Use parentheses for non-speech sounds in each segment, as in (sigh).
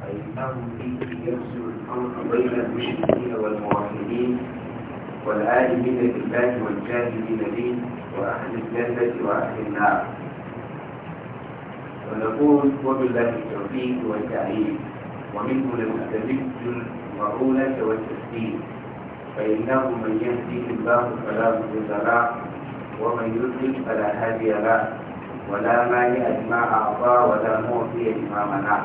فإنه فيه يفصل الفرق بين المشركين والموحدين والآلمين بالله والجاهلين به وأهل الجنة وأهل النار ونقول وبالله التوفيق والتعليم ومنه المستبد المعونة والتسديد فإنه من يهديه الله فلا مضل ومن يضلل فلا هادي له ولا مانع لما أعطى ولا معطي لما منع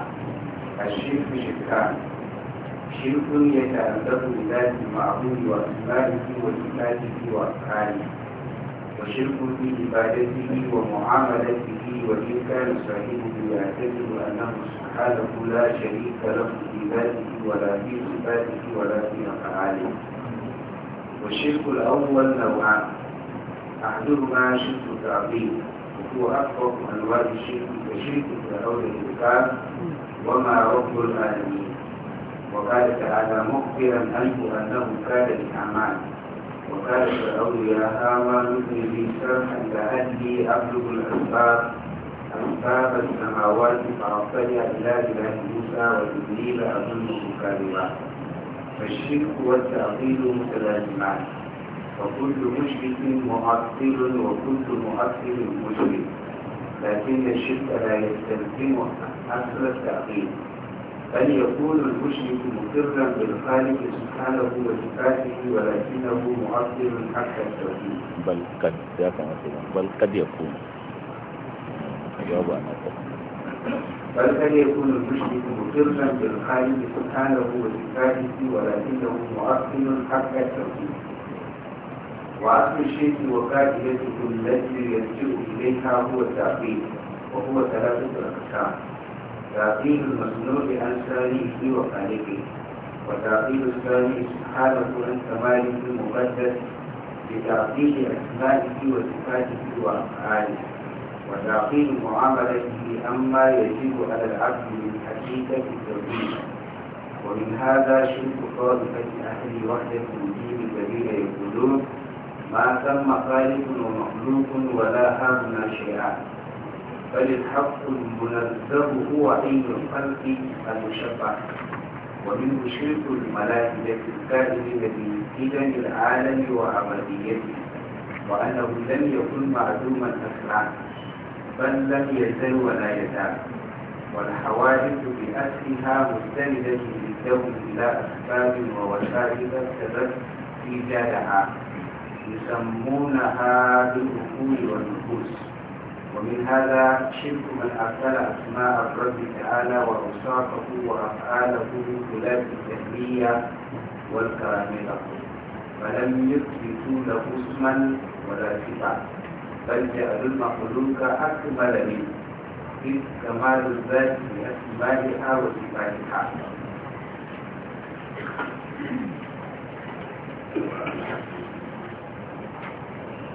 الشرك شركان شرك يتعلق بذات المعبود وأسمائه وصفاته وأفعاله وشرك في عبادته ومعاملته وإن كان صاحبه يعتقد أنه سبحانه لا شريك له في ذاته ولا في صفاته ولا في أفعاله والشرك الأول نوعان أحدهما شرك التعظيم هو أكبر من أنواع الشرك كشرك كأولى الكتاب وما رب العالمين وقال تعالى مخبرا عنه أنه كان بالأعمال وقال فرعون يا هامان ابن لي سرحا لعلي أبلغ الأسباب أسباب السماوات فأطلع إلى إله موسى وإبليل أظنه كاذبا فالشرك والتعطيل متلازمان وكل مشرك مؤثر وكل مؤثر مشرك لكن الشرك لا يستلزم أصل التعقيد بل يكون المشرك مقرا بالخالق سبحانه وصفاته ولكنه مؤثر حتى التوحيد بل قد يكون بل قد يكون جواب بل قد يكون المشرك مقرا بالخالق سبحانه وصفاته ولكنه مؤثر حتى التوحيد وعدم الشيء وفاكهته التي يلجئ إليها هو التعقيد وهو ثلاثة أقسام تعقيد المصنوع عن سالفه وخالقه وتعقيد الثاني سبحانه عن كماله المقدس بتعقيد أسمائه وصفاته وأفعاله وتعقيد معاملته أما يجب على العبد من حقيقة التوحيد ومن هذا شرك طائفة أهل وحدة الدين الذين يقولون ما ثم خالق ومخلوق ولا هام شيئا بل الحق المنزه هو أي الخلق المشبع ومنه شرك الملائكة الكائن بإذن العالم وعبديته وأنه لم يكن معدوما أسرعا بل لم يزل ولا يزال والحوادث بأسرها مستندة للكون إلى أسباب ووسائل في إيجادها يسمونها بالأصول والنفوس ومن هذا شرك من أرسل أسماء الرب تعالى وأوصافه وأفعاله بالكلاب التهمية والكراملة فلم يثبتوا له اسما ولا صفة بل جعلوا المخلوق أكمل منه إذ كمال الذات بأسمائها وصفاتها Thank you.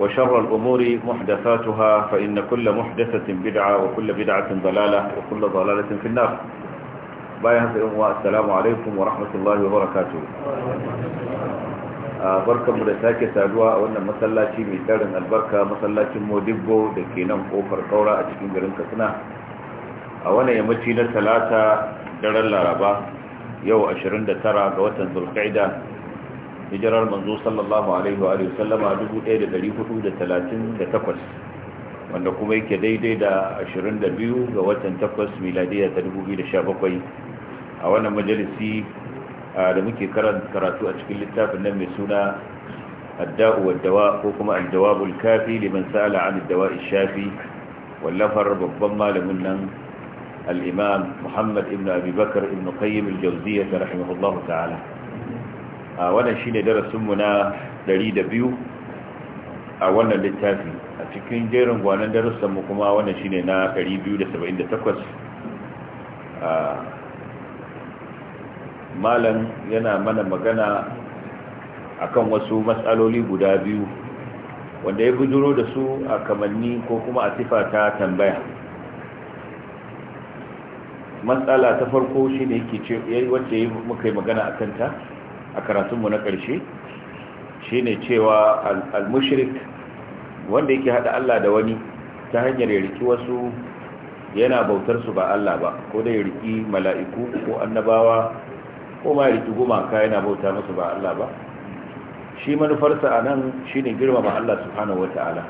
وشر الأمور محدثاتها فإن كل محدثة بدعة وكل بدعة ضلالة وكل ضلالة في النار بايهز السلام عليكم ورحمة الله وبركاته barkan mu da sake saduwa a wannan masallaci mai tarin albarka masallacin modibbo da kenan kofar kaura a cikin garin katsina a wannan yammaci na talata daren laraba yau tara ga watan zulkaida hijirar manzo sallallahu alaihi wa sallama a 1438 wanda kuma yake daidai da 22 ga watan 8 miladiya ta 2017 a wannan majalisi da muke karatu a cikin littafin nan mai suna ko الداء والدواء وكما الجواب الكافي لمن سأل shafi الدواء الشافي malamin nan al-imam muhammad ibn abi بكر ibn qayyim al-jawziyyah rahimahullah ta'ala a wannan shine darasinmu na 102 a wannan littafi a cikin jerin gwanan darussanmu kuma wannan shine na 278 a malam yana mana magana akan wasu matsaloli guda biyu wanda ya bujuro da su a kamanni ko kuma a sifa ta tambaya matsala ta farko shi ne yake ce wacce muka yi magana a kanta a karatunmu na ƙarshe shi ne cewa al-mushrik wanda yake haɗa Allah da wani ta hanyar yarki wasu yana bautar su ba Allah ba ko da yarki mala'iku ko annabawa ko ma yarki gumaka yana bauta musu ba Allah ba shi manufarsa a nan shi ne girmama Allah subhanahu wa ta'ala.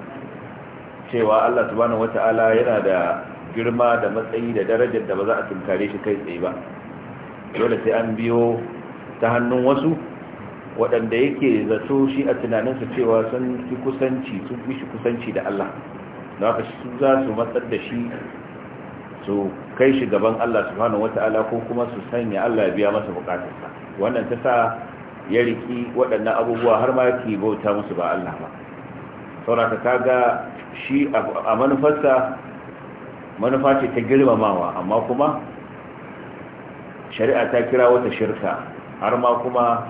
cewa Allah subhanahu wa ta'ala yana da girma da matsayi da darajar da ba za a tunkare shi kai tsaye ba dole sai an biyo ta hannun wasu waɗanda yake zato shi a tunaninsa cewa sun fi kusanci sun fi shi kusanci da Allah na haka su za su matsar da shi su kai shi gaban Allah su wata wata'ala ko kuma su sanya Allah ya biya masa bukatarsa wannan ta sa ya riki waɗannan abubuwa har ma yake bauta musu ba Allah ba sauraka ga shi a manufarsa manufa ce ta girmamawa amma kuma shari'a ta kira wata shirka har ma kuma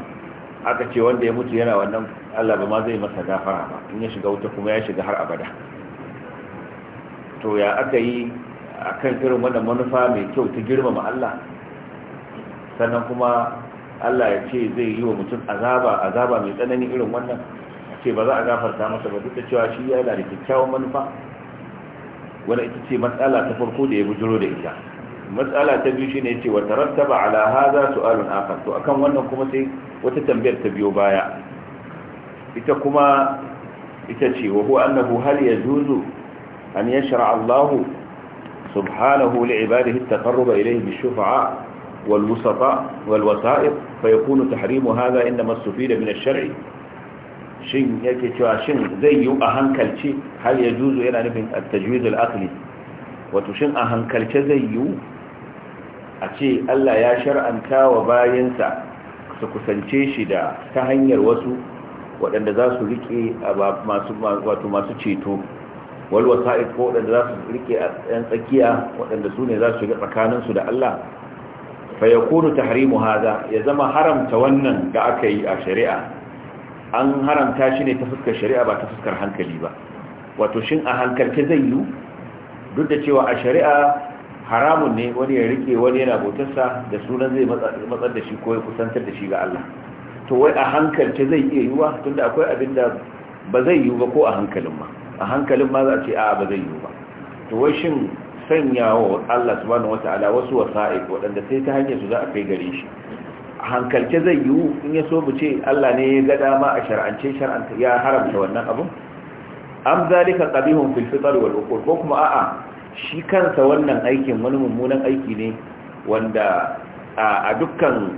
aka ce wanda ya mutu yana wannan Allah ba ma zai masa gafara ba in ya shiga wuta kuma ya shiga har abada to ya aka yi a kan irin wannan manufa mai kyau ta girmama Allah sannan kuma Allah ya ce zai yi wa mutum azaba azaba mai tsanani irin wannan ce ba za a gafarta masa ba duk da cewa shi yana da kyakkyawan manufa wani ita ce matsala ta farko da ya bujiro da ita matsala ta biyu shine yace wa tarattaba ala hadha su'alun akhar to akan wannan kuma sai wata tambayar ta biyo baya ita ita ce wa huwa annahu hal yajuzu an yashra Allah subhanahu li ibadihi at-taqarruba ilayhi bish-shufa'a wal-wusata wal-wasa'ib fayakunu tahrimu hadha inda sufida min ash-shar'i shin yake cewa shin zai yi a hankalci hal yajuzu yana nufin at-tajwid al-aqli wato shin a hankalce zai yiwu a ce Allah ya shar'anta wa bayansa su kusance shi da ta hanyar wasu waɗanda za su rike wato masu ceto walwasa'id ko waɗanda za su riƙe a ɗan tsakiya waɗanda su ne za su shiga tsakaninsu da Allah fa kuru ta harimu haza ya zama haramta wannan da aka yi a shari'a an haramta shi ne ta fuskar shari'a ba ta fuskar hankali ba wato shin a hankalce zai yi duk da cewa a shari'a haramun ne wani ya rike wani yana bautarsa da sunan zai matsar da shi ko ya kusantar da shi ga Allah to wai a hankalce zai iya yiwa tunda akwai abin da ba zai yiwu ba ko a hankalin ma a hankalin ma za a ce a ba zai yiwu ba to wai shin sanyawa wa Allah subhanahu wataala wasu wasa'i waɗanda sai ta hanyar su za a kai gare shi a hankalce zai yiwu in ya so mu ce Allah ne ya ga dama a shar'ance shar'anta ya haramta wannan abin am zalika qabihun fil fitr wal uqul ko kuma a'a shi kansa wannan aikin wani mummunan aiki ne wanda a dukkan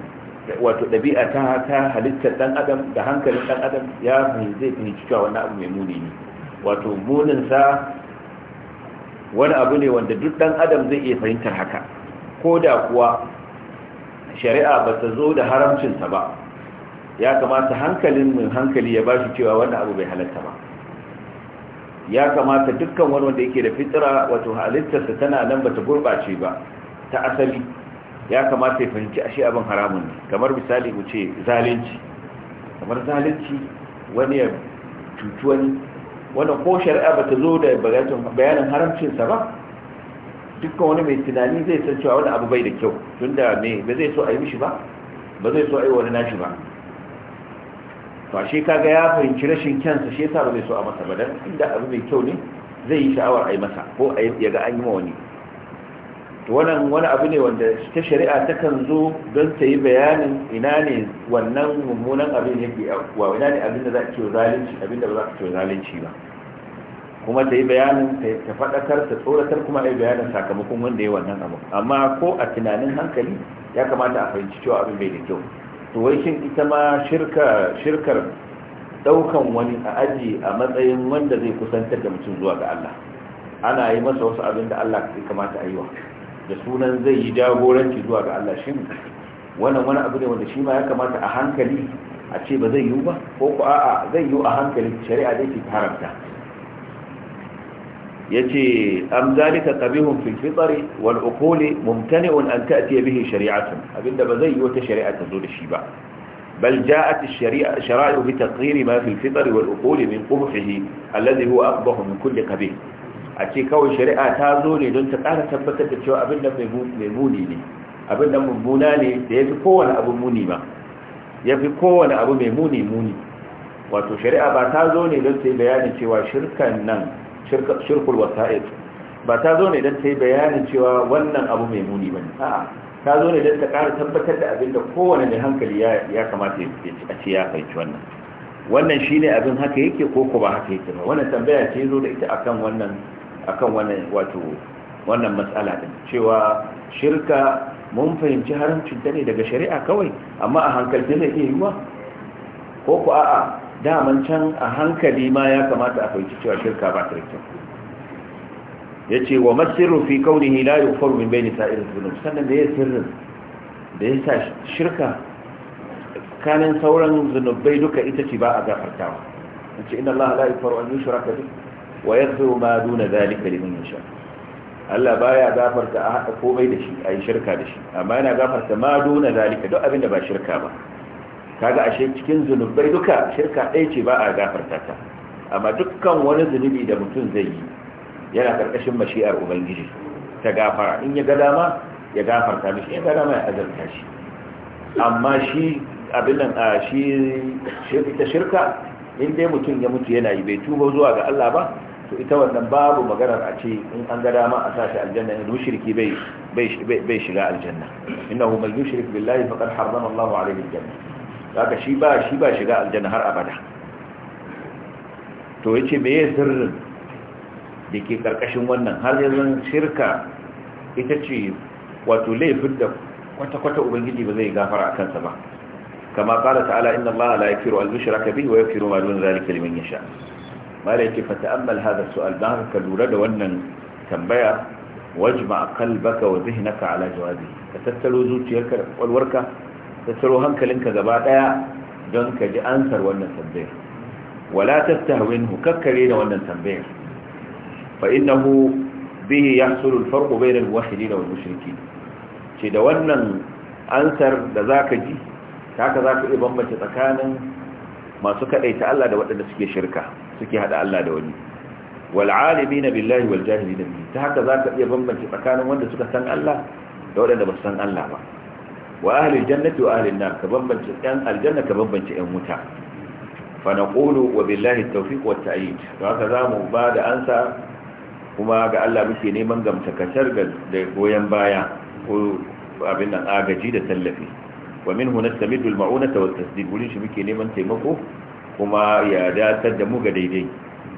wato ɗabi'a ta ta halittar ɗan adam da hankalin ɗan adam ya zai fahimci cewa wani abu mai muni ne wato muninsa wani abu ne wanda duk ɗan adam zai iya fahimtar haka ko da kuwa shari'a ba ta zo da haramcinsa ba ya kamata hankalin mai hankali ya ba shi cewa wani abu bai halatta ba ya kamata dukkan wani wanda yake da fitira wato halittarsa tana nan ba ta gurbace ba ta asali ya kamata ya fahimci ashe abin haramun ne kamar misali mu ce zalunci kamar zalunci wani ya cutu wani wani ko shari'a ba ta zo da bayanin haramcinsa ba dukkan wani mai tunani zai san cewa wani abu bai da kyau tunda mai ba zai so a yi mishi ba ba zai so a yi wani nashi ba to shi kaga ya fahimci rashin kyansa shi yasa ba zai so a masa ba dan inda abu mai kyau ne zai yi sha'awar a yi masa ko a yi ga an yi ma wani to wannan wani abu ne wanda ta shari'a ta kan zo don ta yi bayanin ina ne wannan mummunan abin fi wa ina ne abin da za a ce zalunci abin da ba za a ce zalunci ba kuma ta yi bayanin ta faɗakar ta tsoratar kuma a yi bayanin sakamakon wanda ya yi wannan abu amma ko a tunanin hankali ya kamata a fahimci cewa abin bai da kyau to wai shin ita ma shirka shirkar daukan wani a aji a matsayin wanda zai kusantar da mutum zuwa ga Allah ana yi masa wasu abin da Allah ya kamata a yi wa da sunan zai yi jagoranci zuwa ga Allah shin wannan wani abu ne wanda shi ma ya kamata a hankali a ce ba zai yiwu ba ko ku a'a zai yiwu a hankali shari'a dai ke haramta yace am zalika qabihun fil fitri wal uquli mumtani'un an ta'ti bihi shari'atun abinda ba zai yi wata shari'a ta zo da shi ba bal ja'at ash-shari'a shara'i bi taqrir ma fil fitri wal uquli min qubhihi alladhi huwa aqbahu min kulli qabih a ce kawai shari'a ta zo ne don ta ƙara tabbatar da cewa abinda nan mai muni ne Abinda nan mummuna ne da ya fi kowane abu muni ba ya fi kowane abu mai muni muni wato shari'a ba ta zo ne don ta yi bayani cewa shirkan nan shirkul wasa'id ba ta zo ne don ta yi bayanin cewa wannan abu mai muni ba a'a ta zo ne don ta kara tabbatar da abinda kowane mai hankali ya kamata a ce ya fahimci wannan wannan shi abin haka yake ko ko ba haka yake ba wannan tambaya ce zo da ita akan wannan akan wannan wato wannan matsala din cewa shirka mun fahimci haramcin ta ne daga shari'a kawai amma a hankali ne iya yiwuwa ko ku a'a daman can a hankali ma ya kamata a fahimci cewa shirka ba ta rikin ya ce wa masiru fi kauni la yi faru min bai nisa irin zunub sannan da ya sirrin da ya sa shirka kanin sauran zunubai duka ita ce ba a gafartawa in ce inna allaha la yi faru an yi shirka bi wa ya zo ma duna zalika liman sha. Allah baya gafarta a haɗa komai da shi a yi shirka da shi amma yana gafarta ma duna ka duk abin da ba shirka ba kaga ashe cikin zunubai duka shirka ɗaya ce ba a gafarta ta amma dukkan wani zunubi da mutum zai yi yana karkashin mashi'ar ubangiji ta gafara in ya ga dama ya gafarta mishi in ga dama ya azarta shi amma shi abin nan a shi ita shirka in dai mutum ya mutu yana yi bai tuba zuwa ga Allah ba to ita wannan babu maganar a ce in an ga dama a sashi aljanna in mushriki bai bai shiga aljanna innahu man yushrik billahi faqad harrama Allahu alayhi aljanna kaga shi ba shi ba shiga aljanna har abada to yace me ya sirrin da ke karkashin wannan har yanzu shirka ita ce wato laifin da kwata-kwata ubangiji ba zai gafara a kansa ba kama kala ta'ala inna allaha la yakiru al-mushraka bihi wa yakiru ma dun zalika liman yasha mala yake fa ta'ammal hadha su'al dan ka lura da wannan tambaya wajma qalbaka wa dhihnaka ala jawabi ka tattaro zuciyarka da kwalwarka ka tsaro hankalinka gaba daya don ka ji ansar wannan tambayar wala tastahwinhu kakkare da wannan tambayar fa innahu bihi yahsulu al-farqu bayna al-muwahhidin wal mushrikeen ce da wannan ansar da zaka ji haka zaka iya bambance tsakanin masu kadaita Allah da waɗanda suke shirka suke hada Allah da wani wal alimin billahi wal jahilin bihi ta haka zaka iya bambance tsakanin wanda suka san Allah da waɗanda ba su san Allah ba wa ahlil jannati wa ahlin ka bambance ɗan aljanna ka bambance ɗan wuta fa naqulu wa billahi tawfiq wa ta'yid to haka ba da ansa kuma ga Allah muke neman gamsakatar da goyon baya ko abin nan agaji da tallafi wa minhu nastamidu al-ma'unata wa tasdid wurin shi muke neman taimako kuma ya datar da mu ga daidai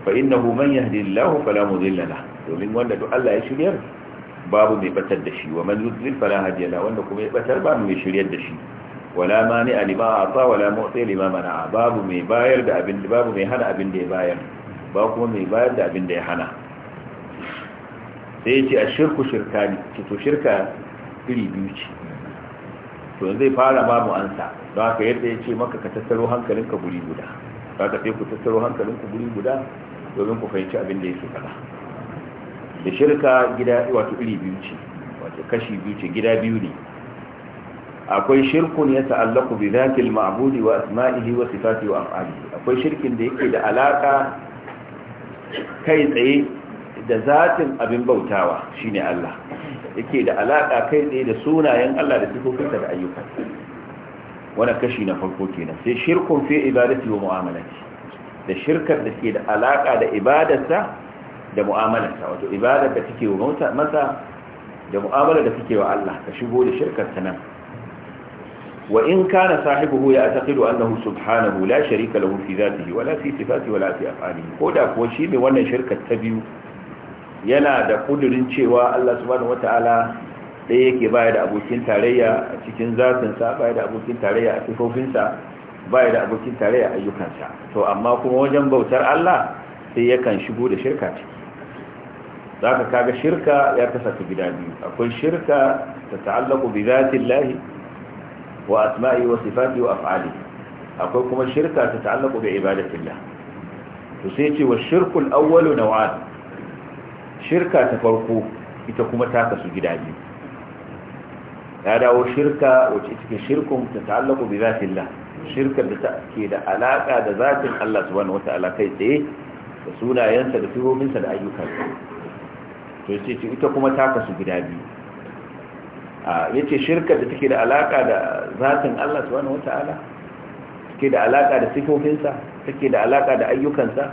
fa innahu man yahdi Allah fala mudilla lahu domin wanda duk Allah ya shiryar babu mai batar da shi wa man fara Hajiya hadiya la wanda kuma ya batar ba mai shiryar da shi wala mani alima ata wala motsi lima mana babu mai bayar da abin da babu mai hana abin da ya bayar ba kuma mai bayar da abin da ya hana sai yace ashirku shirkani to shirka iri biyu ce to zai fara babu ansa don haka yadda ce maka ka tattaro hankalinka guri guda ka sai ku tattaro hankalinku guri guda domin ku fahimci abin da ya yake kada da shirka gida wato iri biyu ce wato kashi biyu ce gida biyu ne akwai shirkun ya ta'allaku bi zatil ma'budi wa asma'ihi wa sifatihi wa af'alihi akwai shirkin da yake da alaka kai tsaye da zatin abin bautawa shine Allah yake da alaka kai tsaye da sunayen Allah da sifofinsa da ayyuka wani kashi na farko kenan sai shirkun fi ibadati wa mu'amalati da shirkar da ke da alaka da ibadarsa da mu'amalarka wato ibadar da kake wa masa da mu'amalar da kake wa Allah ka shigo da shirkar ta nan wa in kana sahibuhu ya taqidu annahu subhanahu la sharika lahu fi dhatihi wala fi sifatihi wala fi af'alihi ko da kuwa shi ne wannan shirkar ta biyu yana da kudirin cewa Allah subhanahu wataala ɗaya yake baya da abokin tarayya a cikin zafinsa baya da abokin tarayya a sifofinsa baya da abokin tarayya a ayyukansa to amma kuma wajen bautar Allah sai yakan shigo da shirka ciki za ka kaga shirka ya kasa ta gida biyu akwai shirka ta ta'allaku bi zatin wa asma'i wa sifati wa af'ali akwai kuma shirka ta ta'allaku bi ibadatin lah to sai ce wa shirkul awwalu naw'an shirka ta farko ita kuma ta kasu gida biyu ya dawo shirka wacce ita ke shirkun ta ta'allaku bi zatin lah shirkar da ke da alaka da zatin Allah subhanahu wataala kai tsaye da sunayensa da sifofinsa da ayyukansa to yace ce ita kuma ta kasu gida biyu yace shirka da take da alaƙa da zatin Allah subhanahu wataala take da alaƙa da sifofinsa take da alaƙa da ayyukansa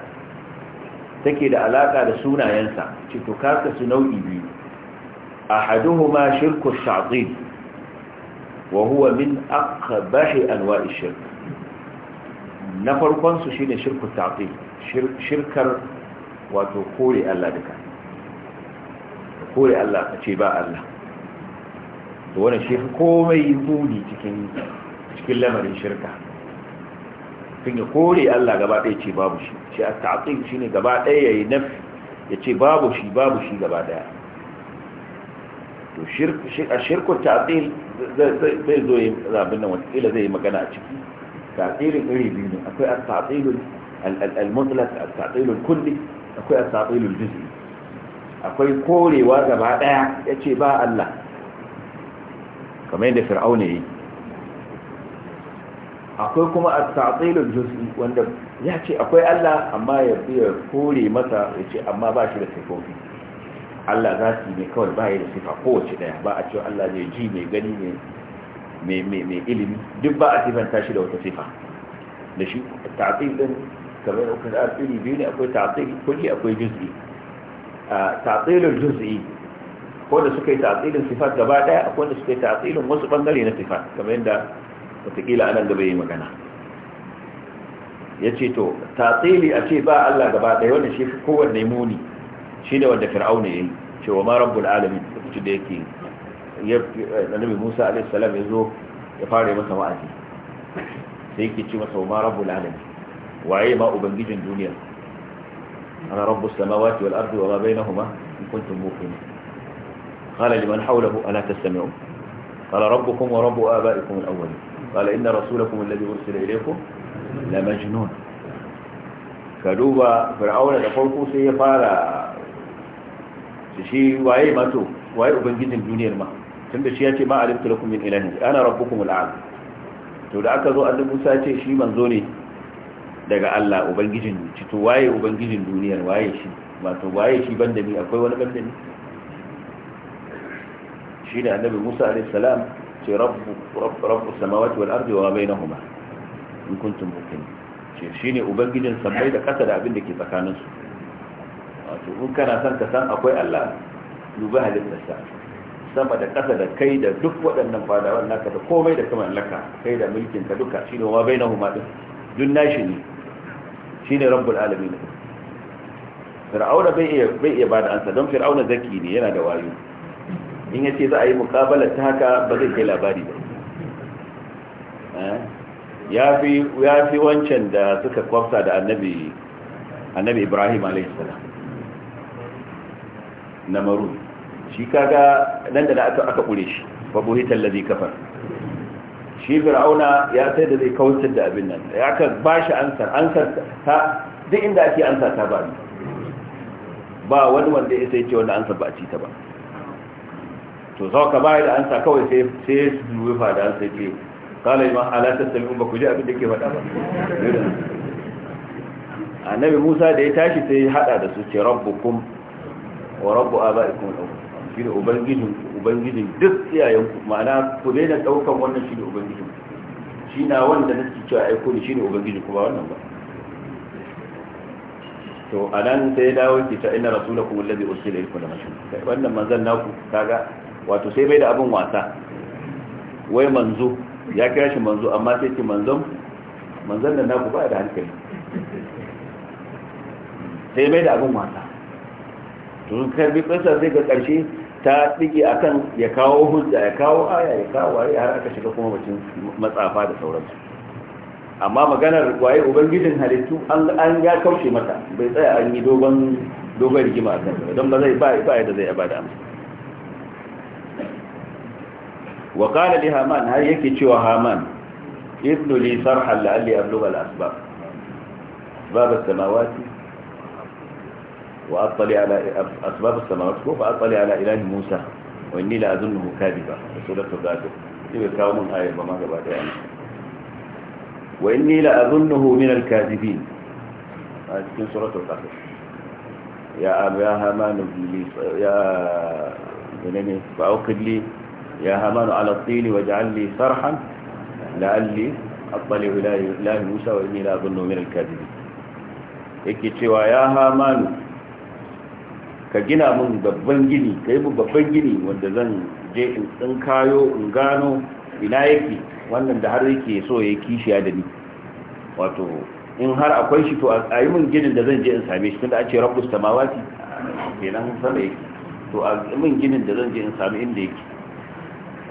take da alaƙa da sunayensa ce to ka kasu nau'i biyu ma shirku shatin wa huwa min aqbahi anwa'i shirk na farkonsu su shine shirku ta'til shirkar wato kore Allah duka kore Allah a ce ba Allah to wannan shi komai muni cikin cikin lamarin shirka tun ya kore Allah gaba ɗaya ce babu shi shi a ta'aƙin shi ne gaba ɗaya ya yi nafi ya ce babu shi babu shi gaba ɗaya to a shirkun ta'aƙin zai zo yin zaɓin nan wata watakila zai yi magana a ciki ta'aƙirin iri biyu ne akwai a ta'aƙilun al-mutlaq a ta'aƙilun kulli akwai a ta'aƙilun juzi akwai korewa gaba daya ya ce ba Allah kamar yadda fir'auna yi akwai kuma a tatsilin jusi wanda ya ce akwai Allah amma ya biya kore masa ya ce amma ba shi da sifofi Allah za su ne kawai ba ya da sifa kowace daya ba a ce Allah zai ji mai gani mai ilimi duk ba a sifanta shi da wata sifa da shi tatsilin kamar yadda iri biyu ne akwai tatsil kuli akwai jusi tatsilin juz'i ko da suka yi tatsilin sifat gaba daya akwai da suka yi tatsilin wasu bangare na sifat kamar yadda watakila anan gaba yi magana ya ce to tatsili a ce ba Allah gaba daya wanda shi kowanne muni shi ne wanda fir'auna ya yi ce wa ma rabbul alamin lokacin da yake annabi Musa alaihi salam ya zo ya fara masa wa'azi sai yake ce masa wa ma rabbul alamin waye ma ubangijin duniya أنا رب السماوات والأرض وما بينهما إن كنتم موقنين قال لمن حوله ألا تستمعون قال ربكم ورب آبائكم الأولين قال إن رسولكم الذي أرسل إليكم لمجنون كدوبا فرعون دفرقوا سيفارا shi waye mato waye ubangijin duniyar ma tunda shi ya ce ma alimtu lakum min ilahin ana rabbukum al'ala to da aka zo annabi Musa ce shi manzo ne daga Allah ubangijin duci to waye ubangijin duniyar waye shi wato waye shi banda ni akwai wani banda ni ne annabi Musa alaihi salam ce rabbu rabbu samawati wal ardi wa bainahuma in kuntum muqinin ce shine ubangijin sabai da kasa da abin da ke tsakanin su wato in kana son ka san akwai Allah dubi halittarsa sama da kasa da kai da duk waɗannan fadawan naka da komai da kamar laka kai da mulkin ka duka shine wa bainahuma din dun nashi ne ne rabbul alamin fir'auna bai iya bai iya ansa don fir'auna zaki ne yana da wayo in yace za a yi mukabala ta haka ba zai kai labari ba eh ya fi ya fi wancan da suka kwafta da annabi annabi Ibrahim alaihi salam na maru shi kaga nan da aka aka kure shi babu hital ladhi kafar shi fir'auna ya sai da zai kawancin da abin nan ya ka ba shi ansar ansar ta duk inda ake ansa ta ba ba wani wanda ya sai ce wanda ansa ba a ci ta ba to zau ka bayar da ansa kawai sai sai su duwe fa da ansa ke kala ma ala tasallu ba ku ji abin da ke faɗa ba annabi Musa da ya tashi sai ya hada da su ce rabbukum wa rabbu abaikum shi da ubangijinku ubangijin duk iyayenku ma'ana ku da daukan wannan shi ne ubangijin shi na wanda nake cewa aiko ne shi ne ubangiji ku ba wannan ba to a nan sai ya dawo ki ta ina rasulakum allazi ursila ilaykum da mashin kai wannan manzan naku kaga wato sai bai da abin wasa wai manzo ya kira shi manzo amma sai ki manzon manzan da naku ba da hankali sai bai da abin wasa to sun karbi kansa zai ga karshe ta tsige akan ya kawo hujja ya kawo aya ya kawo waye har aka shiga kuma bacin matsafa da sauransu amma maganar waye ubangijin halittu an ya kaushe mata bai tsaya an yi dogon dogon rigima akan don ba zai ba ya da zai bada amsa wa qala li haman har yake cewa haman ibnu li sarhan la'alli ablugha al-asbab bab samawati وأطلع على أسباب السماوات فأطلع على إله موسى وإني لا أظنه كاذبا سورة الغافر إذا كاوم آية وما قبعد يعني وإني لا أظنه من الكاذبين هذه سورة القاتل يا أب يا همان يا بنيني فأوقد لي يا هامان على الطين واجعل لي صرحا لعلي أطلع إلى إله موسى وإني لا أظنه من الكاذبين يكي تشوى يا همان ka gina mun babban gini ka yi mun babban gini wanda zan je in tsinkayo in gano ina yake wannan da har yake so ya kishiya da ni wato in har akwai shi to a yi min ginin da zan je in same shi tunda a ce rabbus samawati kenan sama yake to a yi min ginin da zan je in sami inda yake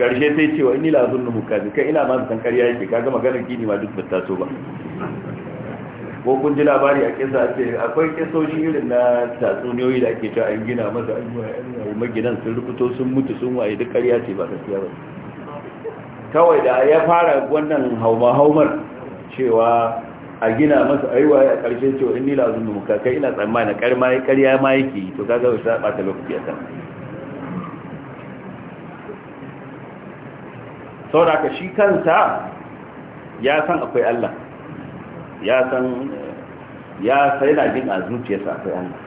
karshe sai cewa inni la zunnu mukazi kai ina ma san ƙarya yake kaga maganar gini ma duk ba ta so ba ko kun ji labari a kisa ce akwai kisoshi irin na tatsuniyoyi da ake cewa an gina masa an maginan sun rubuto sun mutu sun waye duk ƙarya ce ba gaskiya ba kawai da ya fara wannan hauma-haumar cewa a gina masa ayyuwa a ƙarshe cewa in nila zunnu muka kai ina tsammani ƙarya ma yake to kaga wasu ta ɓata lokaci a kan saboda ka shi kansa ya san akwai Allah ya san ya sai na jin a zuciyarsa akwai Allah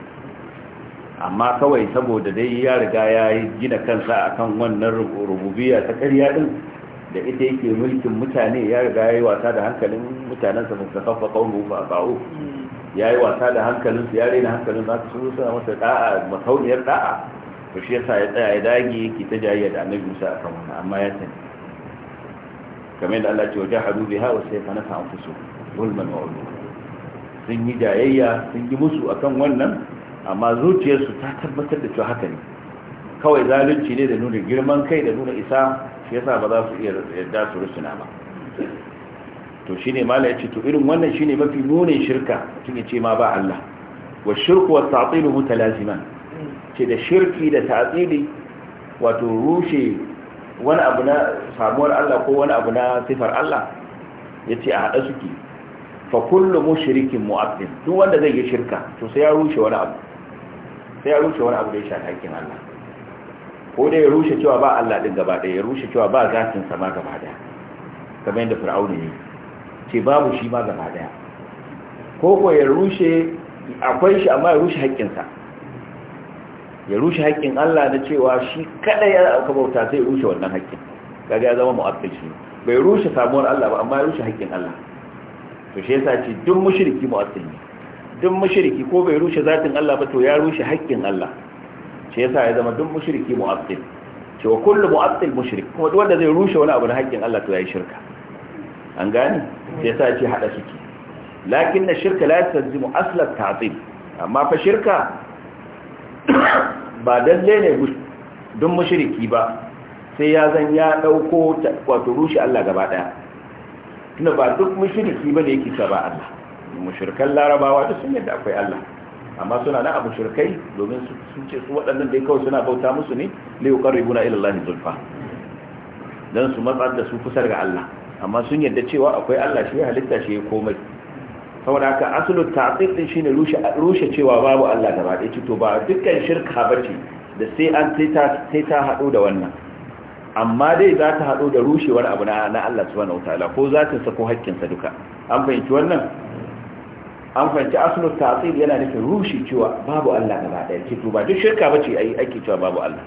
amma kawai saboda dai ya riga ya gina kansa akan wannan rububiyya ta ƙarya din da ita yake mulkin mutane ya riga ya yi wasa da hankalin mutanensa sa su kafa kaunu ba a ba'u mm. ya yi wasa da hankalin su ya rena hankalin za su suna masa da'a masauniyar da'a to shi yasa ya tsaya ya dage yake ta jayayya da annabi musa a kan wannan amma ya sani kamar yadda allah ce wajen hadu biha wasu ya fa na samu fusu zulman wa sun yi jayayya sun yi musu akan wannan amma zuciyarsu ta tabbatar da cewa haka ne kawai zalunci ne da nuna girman kai da nuna isa shi yasa ba za su iya yarda su rusuna ba to shine mala ce to irin wannan shine mafi munin shirka tun ce ma ba Allah wa shirku wa ta'til mutalaziman ce da shirki da ta'tili wato rushe wani abu na samuwar Allah ko wani abu na sifar Allah yace a hada suke fa kullu mushrikin mu'abbin duk wanda zai yi shirka to sai ya rushe wani abu sai ya rushe wani abu da ya shafi hakkin Allah ko da ya rushe cewa ba Allah din gaba daya ya rushe cewa ba zatin sa ma gaba daya kamar yadda Fir'aun ne ce babu shi ma gaba daya ko ko ya rushe akwai shi amma ya rushe hakkin sa ya rushe hakkin Allah na cewa shi kada ya aka sai ya rushe wannan hakkin. kaga ya zama mu'abbin shi bai rushe samuwar Allah ba amma ya rushe hakkin Allah to shi yasa ce duk mushriki mu'assil ne duk mushriki ko bai rushe zatin Allah ba to ya rushe haƙƙin Allah shi yasa ya zama duk mushriki mu'assil ce wa kullu mu'assil mushrik kuma duk wanda zai rushe wani abu na haƙƙin Allah to yayi shirka an gane shi yasa ce hada suke lakin na shirka la tazimu aslat ta'zim amma fa shirka ba dalle ne duk mushriki ba sai ya zan ya dauko wato rushe Allah gaba daya tunda ba duk mushriki bane yake ta ba Allah mushrikan larabawa da sun yadda akwai Allah amma suna na abu shirkai domin sun ce su waɗannan da kawai suna bauta musu ne da yi ƙarri guna ilallahi zulfa don su matsa da su kusar ga Allah amma sun yadda cewa akwai Allah shi ya halitta shi ya komai saboda haka asulun tatsir din shine rushe cewa babu Allah da ba ɗaya to ba dukkan shirka ba ce da sai an sai ta haɗu da wannan amma dai za ta haɗo da rushewar abu na Allah subhanahu wataala ko za ta sako haƙƙinsa duka an fahimci wannan an fahimci asulul ta'til yana nufin rushe cewa babu Allah gaba ɗaya ce to ba duk shirka ba ce ake cewa babu Allah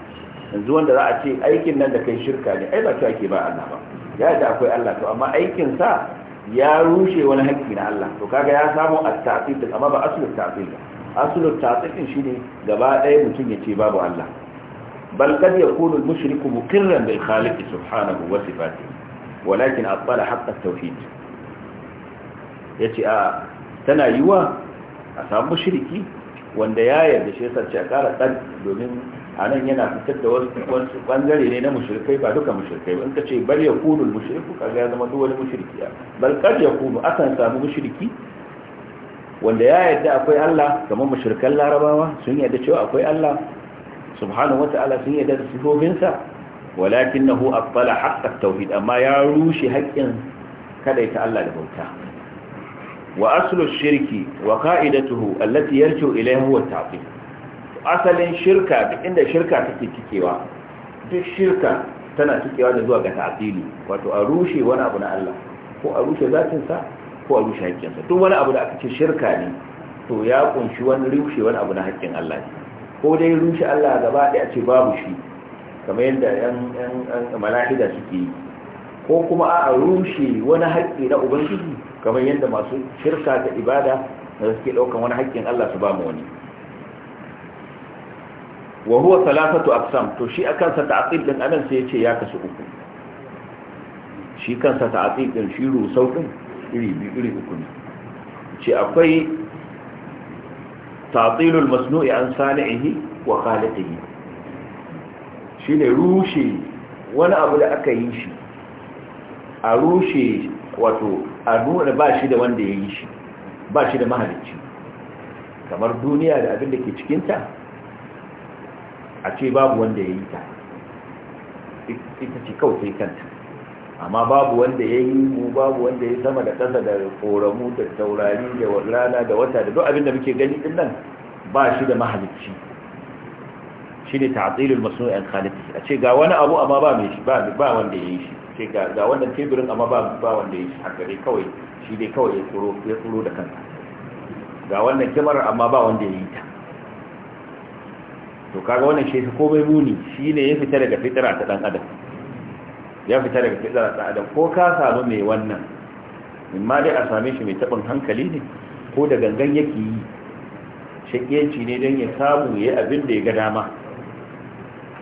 yanzu wanda za a ce aikin nan da kai shirka ne ai ba cewa ke ba Allah ba ya da akwai Allah to amma aikin sa ya rushe wani haƙƙi na Allah to kaga ya samu at-ta'til amma ba asulul ta'til ba asulul ta'til shine gaba ɗaya mutum ya ce babu Allah بل قد يكون المشرك مقرا بالخالق سبحانه وصفاته ولكن أبطل حق التوحيد يتي آه تنا يوا أسام مشركي wanda ya yarda shi yasa ce a ƙara ɗan domin a nan yana fitar da wasu ɓangare ne na mushrikai ba duka mushrikai in ka ce bar ya kunu mushriku kaga ya zama duk wani mushriki bal kar ya kunu akan samu mushriki wanda ya yarda akwai Allah kamar mushrikan larabawa sun yarda cewa akwai Allah subhanahu wata'ala sun yarda da sifofinsa a abtala haqqat tauhid amma ya rushe haƙƙin kadaita Allah da bauta wa aslu shirki wa qa'idatuhu allati yarju ilayha huwa ta'til asalin shirka duk inda shirka take cikewa duk shirka tana cikewa da zuwa ga ta'tili wato a rushe wani abu na Allah ko a rushe zatin sa ko a rushe sa. duk wani abu da aka ce shirka ne to ya kunshi wani rushe wani abu na haƙƙin Allah ne ko dai rushe Allah gaba ɗaya ce babu shi kamar yadda ƴan mala'ida suke yi ko kuma a rushe wani haƙƙi na ubangiji kamar yadda masu shirka da ibada da suke ɗaukan wani haƙƙin Allah su ba mu wani wa huwa salasatu aqsam to shi akan sa ta'til din anan sai yace ya kasu uku shi kansa ta'til din shi ru sauƙin iri biyu iri uku ne ce akwai tatilul masnu'i an sani'ihi wa khalatihi shine rushe wani abu da aka yi shi a rushe wato a nuna ba shi da wanda ya yi shi ba shi da mahalicci kamar duniya da abin da ke cikinta a ce babu wanda ya yi ta ita ce kawai kanta amma babu wanda ya yi mu babu wanda ya sama da ƙasa da koramu da taurari da rana da wata da duk abin da muke gani din nan ba shi da mahalicci shi ne ta'zilul masnu'i an khaliqi a ce ga wani abu amma ba mai shi ba ba wanda ya yi shi ce ga ga wannan teburin amma ba ba wanda ya yi shi haka dai kawai shi dai kawai ya tsoro ya tsoro da kansa ga wannan kimar amma ba wanda ya yi ta to kaga wannan shi komai muni shine ya fita daga fitara ta dan adam ya fita daga fitar da adam ko ka samu mai wannan in ma dai a same shi mai taɓin hankali ne ko da gangan yake yi shakiyanci ne don ya samu ya abin da ya ga dama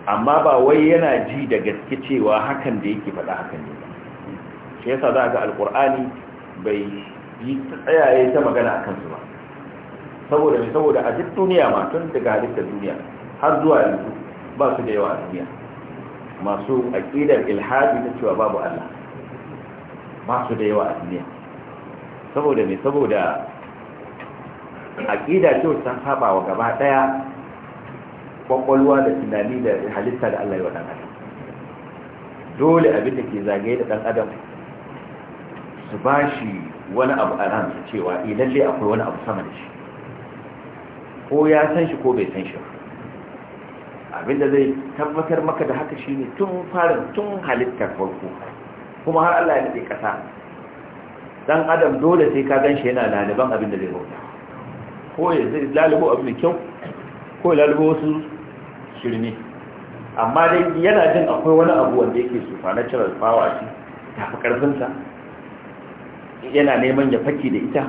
amma ba wai yana ji da gaske cewa hakan da yake faɗa hakan ne ba shi yasa za ga alƙur'ani bai yi tsayaye ta magana a kansu ba saboda mai saboda a duk duniya ma tun daga halittar duniya har zuwa yanzu ba su da yawa a duniya masu aƙidar ilhadi na cewa babu Allah masu da yawa a duniya saboda ne saboda aƙida ce ta saba wa gaba ɗaya kwakwalwa da tunani da halitta da Allah ya adam? dole abin ke zagaye da ɗan adam su ba shi wani abu a ransu cewa idan eh, dai akwai wani abu sama da shi ko ya san shi ko bai san shi ba abinda zai tabbatar maka da haka shine tun farin tun halittar farko kuma har Allah ya nufi ƙasa, dan adam dole sai ka shi yana laliban abinda zai bauta ko ya zai lalubo abin kyau ko ya lalubo wasu shirme amma dai yana jin akwai wani abu wanda yake supernatural fawa shi tafi karfinsa yana neman ya faki da ita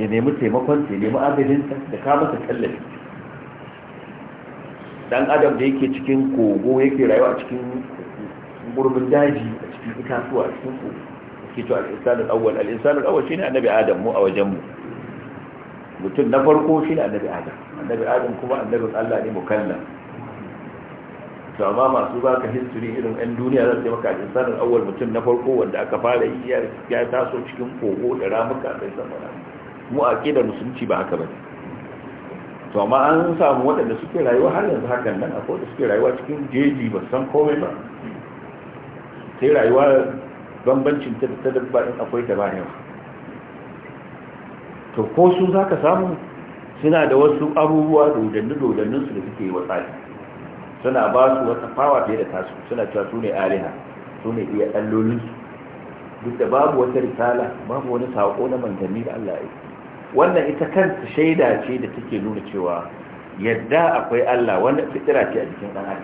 ya nemi taimakon ya nemi agajinsa da ka masa tallafi dan adam da yake cikin kogo yake rayuwa cikin gurbin daji a cikin itatuwa a cikin kogo ke to al-insan al-awwal al-insan al-awwal shine annabi adam mu a wajen mu mutum na farko shine annabi adam annabi adam kuma annabin Allah ne mukalla to amma masu baka history irin ɗan duniya zai su yi maka al-insan al-awwal mutum na farko wanda aka fara yi ya taso cikin kogo da ramuka sai samara mu a da musulunci ba haka bane to amma an samu waɗanda suke rayuwa har yanzu hakan nan a kodin suke rayuwa cikin jeji ba san komai ba sai rayuwa bambancin ta da ta dabba in akwai ta bayan to ko su za ka samu suna da wasu abubuwa dodannin su da suke yi wa tsari suna ba su wata fawa fiye da tasu suna cewa su ne aliha su ne iya ɗallolinsu duk da babu wata risala babu wani saƙo na manzanni da allah ya yi wannan ita kanta shaida ce da take nuna cewa yadda akwai Allah wanda fitira ce a jikin ɗan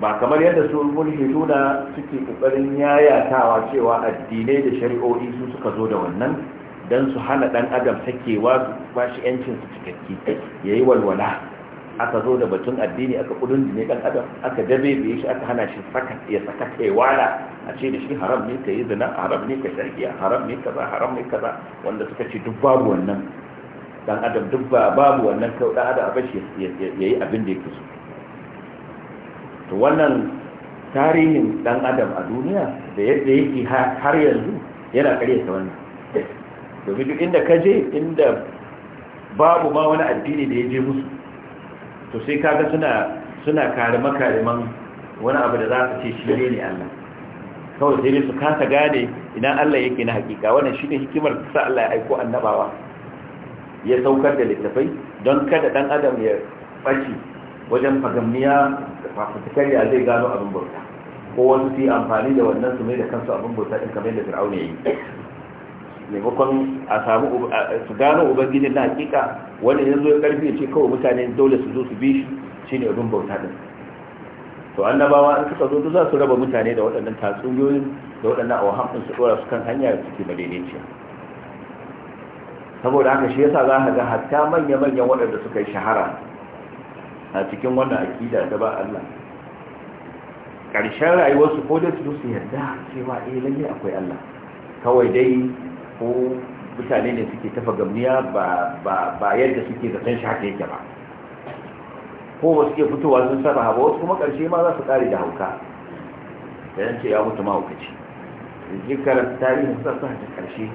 ba kamar yadda su mulhiduna suke kokarin yayatawa cewa addinai da shari'o'i su suka zo da wannan dan su hana ɗan adam sakewa su shi yancin su cikakki yayi walwala aka zo da batun addini aka kudin ne dan adam aka dabe bai shi aka hana shi saka ya saka kai wala a ce da shi haram ne ka yi zina haram ne ka sharkiya haram ne kaza haram ne kaza wanda suka ce duk babu wannan dan adam duk babu wannan ka da adam abin ya yi abin da yake so to wannan tarihin dan adam a duniya da yadda yake har yanzu yana karyata wannan domin duk inda ka je inda babu ma wani addini da ya je musu to sai kaga suna suna karima kariman wani abu da za ka ce shi ne Allah kawai sai dai su kasa gane idan Allah yake na hakika wannan shine hikimar sa Allah ya aiko annabawa ya saukar da littafai don kada dan adam ya baci wajen fagamniya da fafutukar ya zai gano abin bauta ko wasu su yi amfani da wannan su mai da kansu abin bauta din kamar da fir'auna yayi maimakon a samu su gano ubangijin na hakika wani yanzu ya karfi ya ce kawai mutane dole su zo su bi shi shine abin bauta din to annabawa an suka zo duk za su raba mutane da waɗannan tatsuniyoyin da waɗannan awham din su ɗora su kan hanya da suke madaidaiciya saboda haka shi yasa za ka ga hatta manya manyan waɗanda suka yi shahara a cikin wannan akida ta ba Allah ƙarshen rayuwarsu ko da su su yarda cewa eh lalle akwai Allah kawai dai ko mutane ne suke tafa gamniya ba yadda suke zaton shi haka yake ba ko ba suke fitowa sun sarraha ba wasu kuma ƙarshe ma za su ƙari da hauka da yanke ya mutu mahaukaci da karanta tarihin su sa ta ƙarshe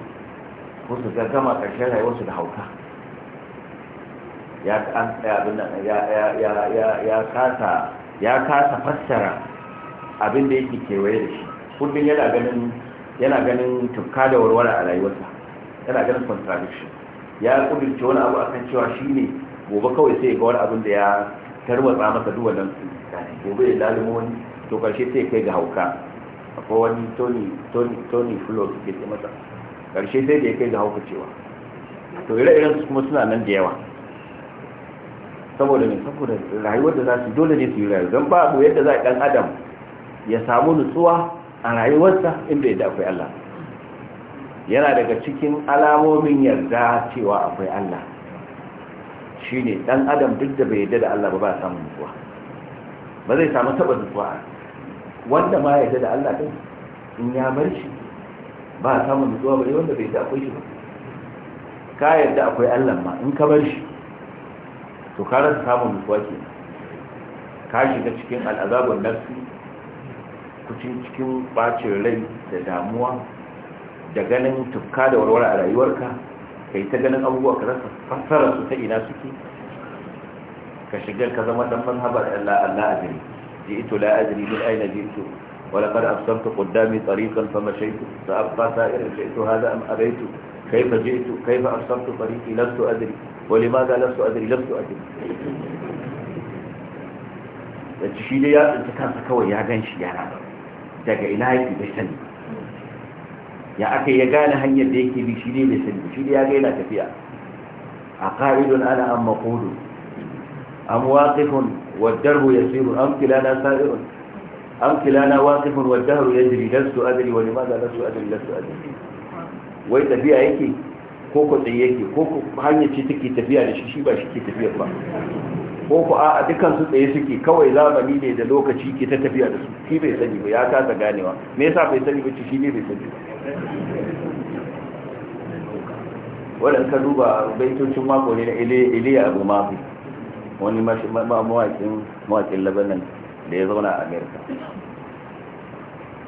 ko su ƙarshe ƙarshen rayuwarsu da hauka ya an tsaya abin nan ya kasa ya kasa fassara abin da yake kewaye da shi kullum yana ganin yana ganin tukka da warware a rayuwarsa yana ganin contradiction ya kudurce wani abu akan cewa shi ne gobe kawai sai ga wani abin da ya tarwatsa masa duk su gobe ya lalumo wani to karshe sai kai ga hauka akwai wani tony tony tony flo suke ce masa karshe sai da ya kai ga hauka cewa to ire-iren su kuma suna nan da yawa saboda ne saboda rayuwar da za su dole ne su yi rayuwa don babu yadda za a ɗan adam ya samu nutsuwa a rayuwarsa inda yadda akwai Allah yana daga cikin alamomin yarda cewa akwai Allah Shi ne dan adam duk da bai yarda da Allah ba ba samun nutsuwa ba zai samu taɓa nutsuwa wanda ma yadda da Allah ɗin in ya bar shi ba samun nutsuwa ba wanda bai yadda akwai shi ba ka yarda akwai Allah ma in ka bar shi to ka rasa samun nutsuwa ke ka shiga cikin al'azabun nafsi kucin cikin bacin rai da damuwa da ganin tufka da warware a rayuwarka kai ta ganin abubuwa ka rasa fassara su ta ina suke ka shiga ka zama dan manhaba da Allah Allah ajri ito la ajri min ayna ji'tu wa laqad absartu qaddami tariqan famashaytu fa abqa sa'iran ji'tu hadha am abaytu kayfa ji'tu kayfa absartu tariqi lastu adri wa limadha lastu adri lastu adri da shi ne ya tsinci kansa kawai ya gan shi yana daga ina yake bai sani ya aka ya gane hanyar da yake bi shi ne da sani shi ya ya gaina tafiya a ƙa'idun ana an maƙudu an waddar waddarhu ya siru an filana sa'irun an filana waddar waddarhu ya jiri don su adali wani ma da su adali don su adali wai tafiya yake ko kwatsayi yake ko hanyar ce take tafiya da shi shi ba shi ke tafiya ba ko ku a dukkan su tsaye suke kawai zamani ne da lokaci ke ta tafiya da su shi bai sani ba ya kasa ganewa me yasa bai sani ba shi ne bai sani ba wannan ka duba baitocin mako ne na iliya abu mafi wani mawaƙin mawaƙin labanan da ya zauna a amerika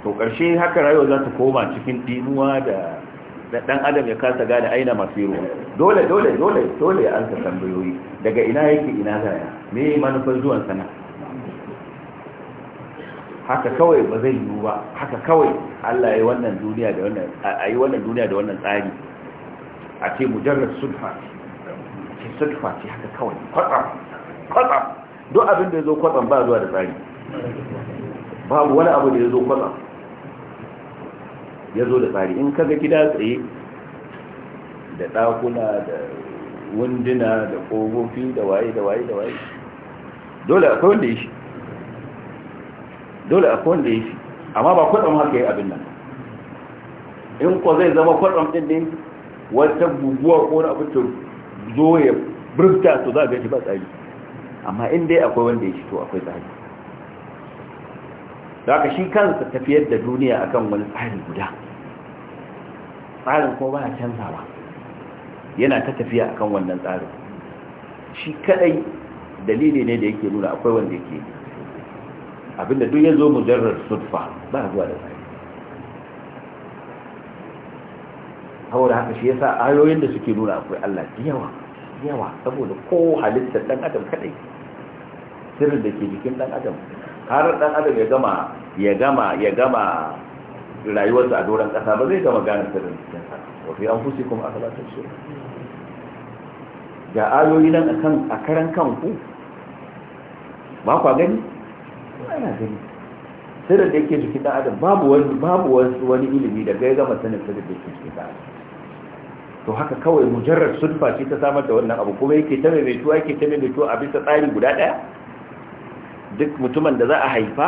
to karshe haka rayuwa za ta koma cikin dinuwa da da dan adam ya kasa gane aina masiru dole dole dole dole ya ansa tambayoyi daga ina yake ina zaya me manufar zuwan sana haka kawai ba zai yiwu ba haka kawai Allah ya wannan duniya da wannan ayi wannan duniya da wannan tsari a ce mujarrad sudfa ce sudfa ce haka kawai kwatsam kwatsam duk abin da ya zo kwatsam ba zuwa da tsari babu wani abu da ya zo kwatsam ya zo da tsari in kaga gida tsaye da ɗakuna da wunduna da ƙogofi da waye da waye da waye dole akwai wanda ya shi dole a kowanda ya shi amma ba kwatsam haka yi abin nan in ko zai zama kwatsam ɗin ne wata guguwa ko na abin ta zo ya birta to za a gaji ba tsari amma in dai akwai wanda ya shi to akwai tsari da ka shi kansa tafiyar da duniya akan wani tsari guda tsarin ko ba canzawa yana ta tafiya akan wannan tsarin shi kadai dalili ne da yake nuna akwai wanda yake abinda duk ya zo mujarrar sudfa ba zuwa da tsari saboda haka shi yasa ayoyin da suke nuna akwai Allah yawa yawa saboda ko halittar dan adam kadai sirrin da ke jikin dan adam har dan adam ya gama ya gama ya gama rayuwarsa a doron kasa ba zai gama gane sirrin cikin sa wa fi anfusikum afala shi ga ayoyi nan akan a karan kanku ba kwa gani ana gani sirrin da yake jikin dan adam babu wani babu wani ilimi da ya gama sanin sirrin da yake jikin dan adam to haka kawai mujarrar sulfa ce ta samar da wannan abu kuma yake ta mai mai tuwa yake ta mai mai tuwa a bisa tsari guda daya duk mutumin da za a haifa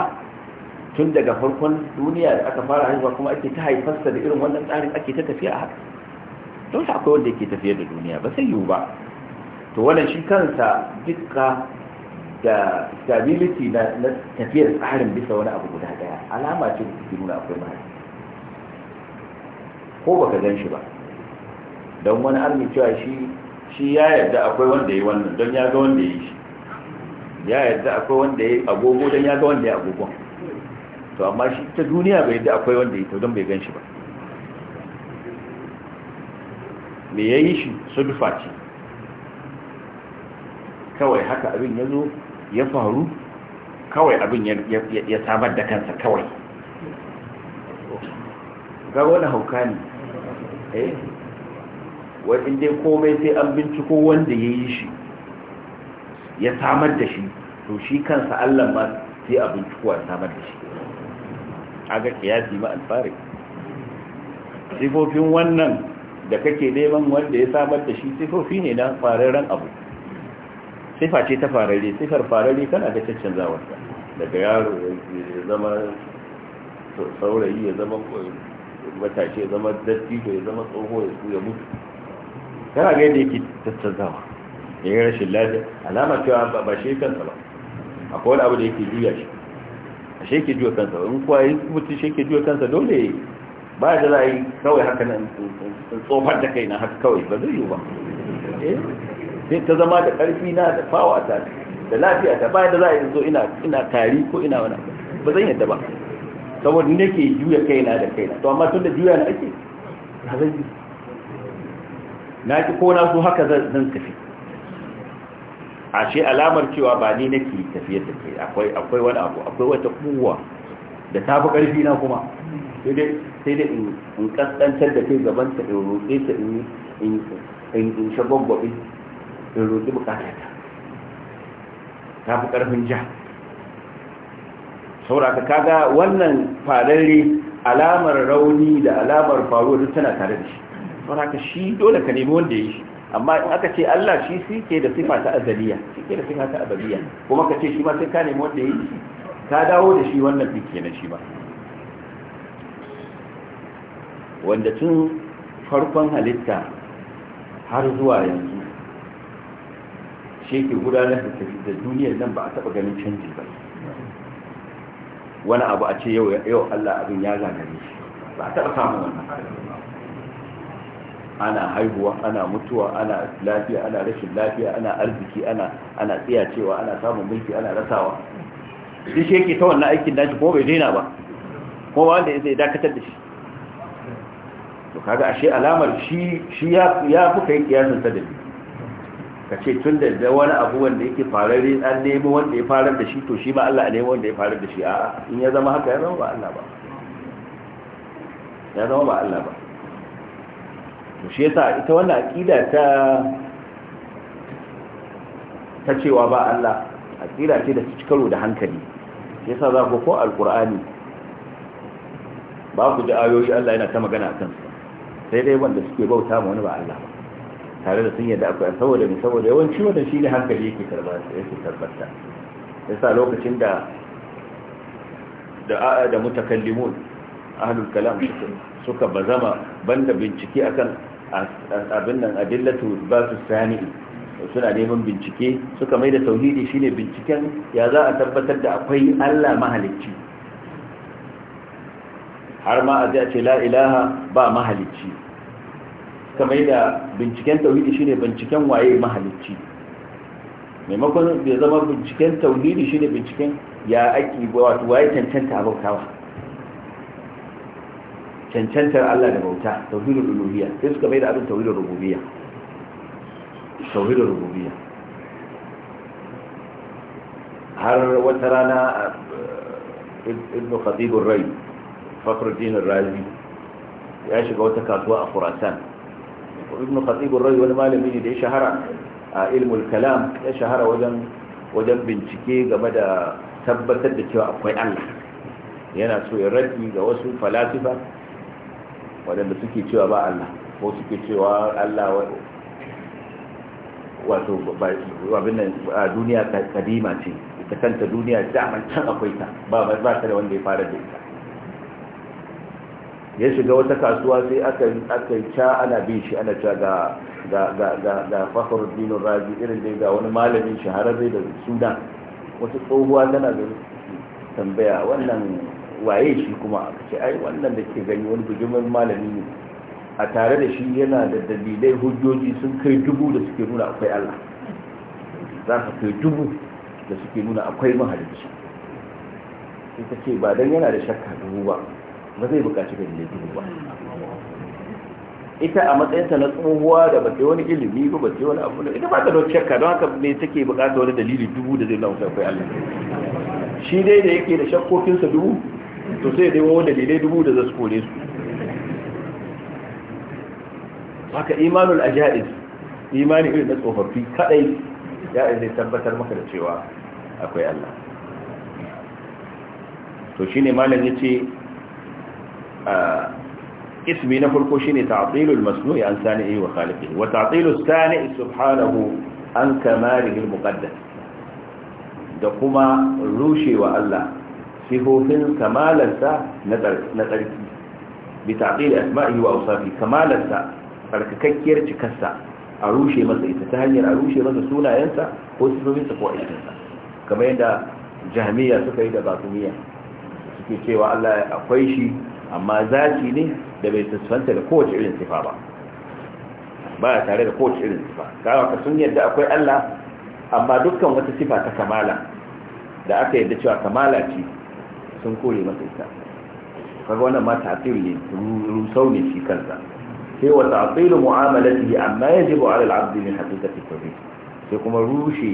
tun daga farkon duniya da aka fara haifa kuma ake ta haifarsa da irin wannan tsarin ake ta tafiya a haka don su akwai wanda yake tafiya da duniya ba sai yiwu ba to wannan shi kansa dukka da stability na tafiyar tsarin bisa wani abu guda daya alama ce da suke nuna akwai mahaifi ko baka gan shi ba don wani armi cewa shi ya yarda akwai wanda ya yi wannan don ya ga wanda ya yi shi ya yadda akwai wanda ya agogo don ya ga wanda ya agogon to amma shi ta duniya bai yadda akwai wanda ya to don bai gan shi ba me ya yi shi dufa ce kawai haka abin ya zo ya faru kawai abin ya samar da kansa kawai ga wani hauka ne eh wadanda komai sai an binciko wanda ya yi shi ya samar da shi to shi kansa Allah ma sai a bincikuwa samar da shi aga kiyasi ma alfari sifofin wannan da kake neman wanda ya samar da shi sifofi ne na fararen abu sifa ce ta farare sifar farare kana da cancan zawarsa daga yaro ya zama saurayi ya zama matashi ya zama dattijo ya zama tsoho ya mutu kana ga yadda yake cancan zawarsa da ya rashin lafiya alama cewa ba shi kansa ba akwai wani abu da yake juya shi a shi yake juya kansa in kuwa yi mutu shi yake juya kansa dole ba da za a yi kawai haka na tsofar da kai na haka kawai ba zai yi ba eh? sai ta zama da ƙarfi na da fawa ta da lafiya ta ba da za a yi zo ina tari ko ina wani ba zan yadda ba saboda ne ke juya kaina da kaina to amma tun da juya na ake na zai na ki ko na so haka zan tafi ashe alamar cewa ba ni nake tafiyar da kai akwai akwai wani abu akwai wata kuwa da ta fi ƙarfi na kuma sai dai in kaskantar da kai gaban ta in roƙe ta in in shagon gwabi in roƙi bukata ta ta fi ƙarfin ja ka kaga wannan farare alamar rauni da alamar faruwa duk tana tare da shi sauraka shi dole ka nemi wanda ya yi shi amma in aka ce Allah shi shi ke da sifa ta azaliya shi ke da sifa ta abadiya kuma ka ce shi ma sai ka nemi wanda yi shi ka dawo da shi wannan ke na shi ba wanda tun farkon halitta har zuwa yanzu shi ke gudanar da duniyar nan ba a taɓa ganin canji ba wani abu a ce yau Allah abin ya zagare shi ba a taɓa samun wannan ana haihuwa ana mutuwa ana lafiya ana rashin lafiya ana arziki ana ana tsiyacewa ana samun mulki ana rasawa shi shi yake ta wannan aikin shi, ko bai daina ba ko ba wanda zai dakatar da shi to kaga ashe alamar shi shi ya ya fuka yin kiyasin ta da ka ce tun da wani abu wanda yake farare an nemi wanda ya farar da shi to shi ba Allah ne wanda ya farar da shi a'a in ya zama haka ya zama ba Allah ba ya zama ba Allah ba to shi yasa ita wannan aqida ta ta cewa ba Allah aqida ce da ci karo da hankali shi yasa za ku ko alqur'ani ba ku ji ayoyi Allah yana ta magana akan su sai dai wanda suke bauta ma wani ba Allah ba tare da sun yadda akwai saboda mai saboda yawanci wanda shi ne hankali yake ya yasa lokacin da da da mutakallimun ahlul kalam suka bazama banda bincike akan abin nan adillatu ba su sani suna neman bincike suka mai da tauhidi shine binciken ya za a tabbatar da akwai Allah mahalicci har ma a ce la ilaha ba mahalicci suka mai da binciken tauhidi shine binciken waye mahalicci maimakon ya zama binciken tauhidi shine binciken ya aiki wato waye cancanta abokawa? cancantar Allah da bauta tauhidul rububiyya sai suka mai da abin tauhidul rububiyya tauhidul rububiyya har wata rana eh, ibnu khatib ar-rai fakhruddin ar-razi ya shiga wata kasuwa a Khurasan ibnu khatib ar-rai wani malami ne da ya shahara a ilmul kalam ya shahara wajen wajen bincike game da tabbatar da cewa akwai Allah yana so ya raddi ga wasu falasifa waɗanda suke cewa ba Allah ko suke cewa Allah wato a duniya kadima ce ita kanta duniya daman can akwai ta ba ba ta da wanda ya fara da ita ya shiga wata kasuwa sai aka aka ca ana bin shi ana ca ga ga ga ga ga irin dai ga wani malamin shahararre da suna wata tsohuwa tana da tambaya wannan waye shi kuma aka ce ai wannan da ke gani wani bijimin malami ne a tare da shi yana da dalilai hujjoji sun kai dubu da suke nuna akwai Allah za ka kai dubu da suke nuna akwai mahalicci sai ta ce ba dan yana da shakka dubu ba ba zai buƙaci dalilai dubu ba ita a matsayinta na tsohuwa da ba ta wani ilimi ba ba ta wani abu ita ba ta da shakka don haka ne take buƙata wani dalili dubu da zai nuna akwai Allah shi dai da yake da shakkokinsa dubu to sai dai wawo dalilai dubu da za su kore su haka imanul ajaiz imani irin na tsofaffi kadai ya zai tabbatar maka da cewa akwai Allah to shine malam yace a ismi na farko shine masnu ya an sani sani'i wa khalifin wa ta'tilus sani'i subhanahu an kamalihi al-muqaddas da kuma rushewa Allah sifofin kamalarsa na tsarki bi ta'til asma'i wa awsafi kamalarsa tsarkakakkiyar cikarsa a rushe masa ita ta hanyar a rushe masa sunayensa ko sifofinsa ko aikinsa kamar yadda jami'a suka yi da batumiya suke cewa Allah akwai shi amma zaki ne da bai tasfanta da kowace irin sifa ba ba tare da kowace irin sifa kawo ka sun yadda akwai Allah amma dukkan wata sifa ta kamala da aka yadda cewa kamala ce sun kore masa ita kaga wannan ma ta'til ne rusau ne shi kansa sai wa ta'til mu'amalatihi amma yajibu 'ala al-'abd min haqiqati tawhid sai kuma rushe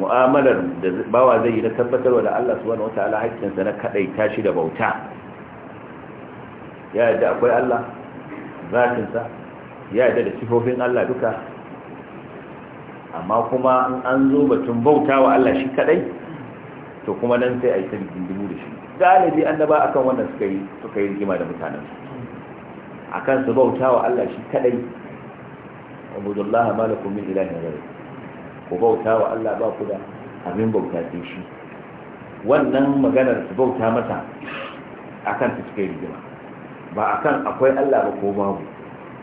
mu'amalar da bawa zai yi na tabbatarwa da Allah subhanahu wataala sa na kadaita shi da bauta ya yadda akwai Allah sa ya yadda da sifofin Allah duka amma kuma an zo batun bauta wa Allah shi kadai to kuma nan sai a yi ta dindimu galibi annaba akan wannan suka yi suka yi rigima da mutanen akan su bauta wa Allah shi kadai abudullah malakum min ilahi ghayr ko bauta wa Allah ba ku da abin bauta ce shi wannan maganar su bauta masa akan su suka yi rigima ba akan akwai Allah ba ko babu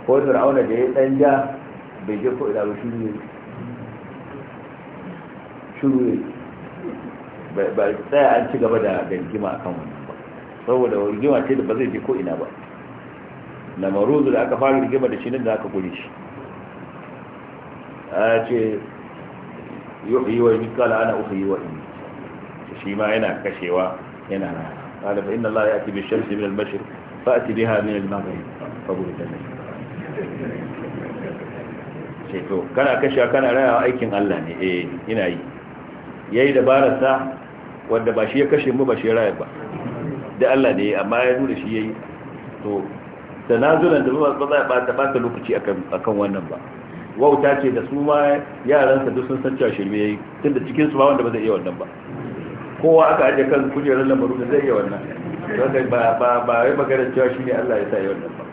ko fir'auna da ya dan ja bai je ko ila ba shiru ne shiru ne ba tsaya an ci gaba da rigima kan wani ba saboda rigima ce da ba zai je ko ina ba na maruzu da aka fara rigima da shi nan da aka gure shi a ce yi wa yuhyi kala ana yi wa yi shi ma yana kashewa yana rana qala fa inna allaha ya'ti bi shamsi min al-mashriq fa'ti biha min al-maghrib fa bu ce to kana kashewa kana rayawa aikin Allah ne eh ina yi ya yi dabararsa wanda ba shi ya kashe mu ba shi ya rayar ba da Allah ne amma ya nuna shi ya yi to da tanazulan da ba za a ta bata lokaci akan wannan ba wauta ce da su ma yaransa duk sun sancewa shirme ya yi tun da cikinsu ba wanda ba zai iya wannan ba kowa aka ajiye kan kujerar lamaru da zai iya wannan don ba ba ba wai magana cewa shi ne Allah ya sa ya wannan ba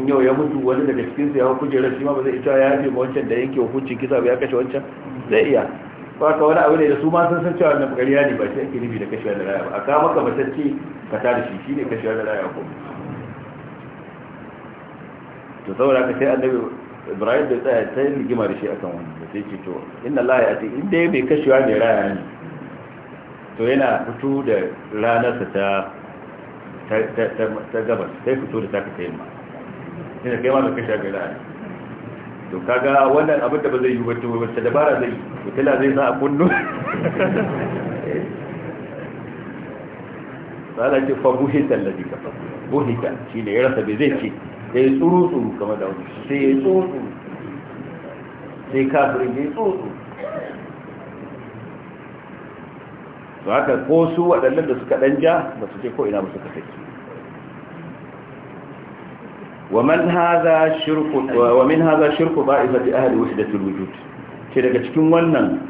in yau ya mutu wani daga cikin su ya hau kujerar shi ma ba zai iya cewa ya yafe ma wancan da yanke hukuncin kisa ba ya kashe wancan zai iya ba ka wani abu ne da su ma sun san cewa wannan ƙarya ne ba shi ake nufi da kashewa da raya ba a kawo maka matacce ka da shi shi ne kashewa da raya ko to saboda ka sai annabi ibrahim da tsaya ta yi rigima da shi kan wani da sai ce to inna allah ya ce in dai mai kashewa ne raya ne to yana fito da ranar ta ta gabas sai fito da ta ka ta ma ina kai ma da kashewa da raya to kaga wannan abin da ba zai yi ba to wacce dabara zai fitila zai sa a kullu tsala ce fa buhita alladhi kafa buhita shi ne ya rasa bai zai ce ya yi tsuru tsuru kamar da wani sai ya yi tsuru sai kafirin ya yi tsuru to haka ko su waɗannan da suka ɗanja ba su ce ko ina ba suka sake ومن هذا شرك ومن هذا شرك ضائفة أهل وحدة الوجود ce daga cikin wannan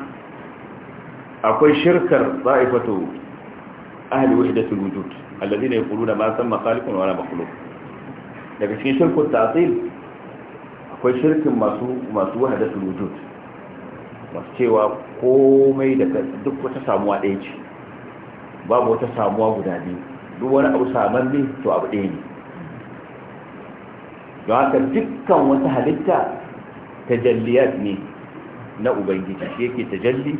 akwai shirkar za'ifatu ahli wahdatul wujud alladhina yaquluna ma samma khaliqun wa la makhluq daga cikin shirkut ta'til akwai shirkin masu masu wahdatul wujud masu cewa komai daga duk wata samuwa ɗaya ce babu wata samuwa guda biyu duk wani abu samanne to abu ɗaya ne don haka dukkan wata halitta tajalliyat ne na ubangiji shi yake tajalli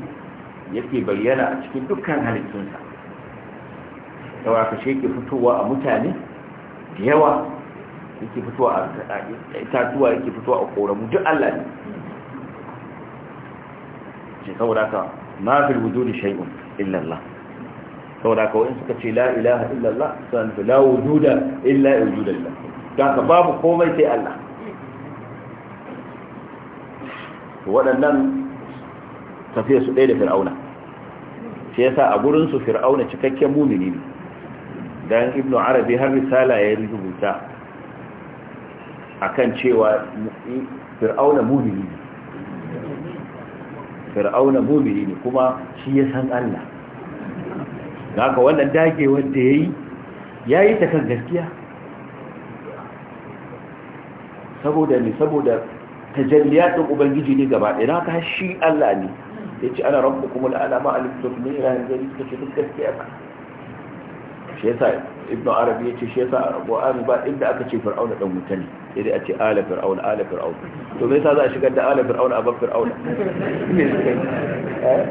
yake bayyana a cikin dukkan halittunsa da haka shi yake fitowa a mutane da yawa yake fitowa a itatuwa yake fitowa a koramu duk Allah ne shi saboda haka ma fil wujudi shay'un illa Allah saboda haka wani suka ce la ilaha illa Allah san la wujuda illa wujuda Allah don babu komai sai Allah waɗannan tafiya su ɗaya da fir'auna shi yasa a gurinsu fir'auna cikakken mumini ne don ibn arabi har risala ya rubuta kan cewa fir'auna mumini ne fir'auna mumini ne kuma shi ya san Allah haka wannan dage wanda yayi yayi ta kan gaskiya saboda ne saboda tajalliyatin ubangiji ne gaba ɗaya na shi Allah ne ya ce ana rabu kuma da alama a littattun ne yana gari suka ce duk gaskiya ba shi yasa ibnu arabi ya ce shi yasa qur'ani ba inda aka ce fir'auna dan wuta ne sai dai a ce ala fir'auna ala fir'auna to me yasa za a shigar da ala fir'auna a babbar fir'auna me suka yi eh?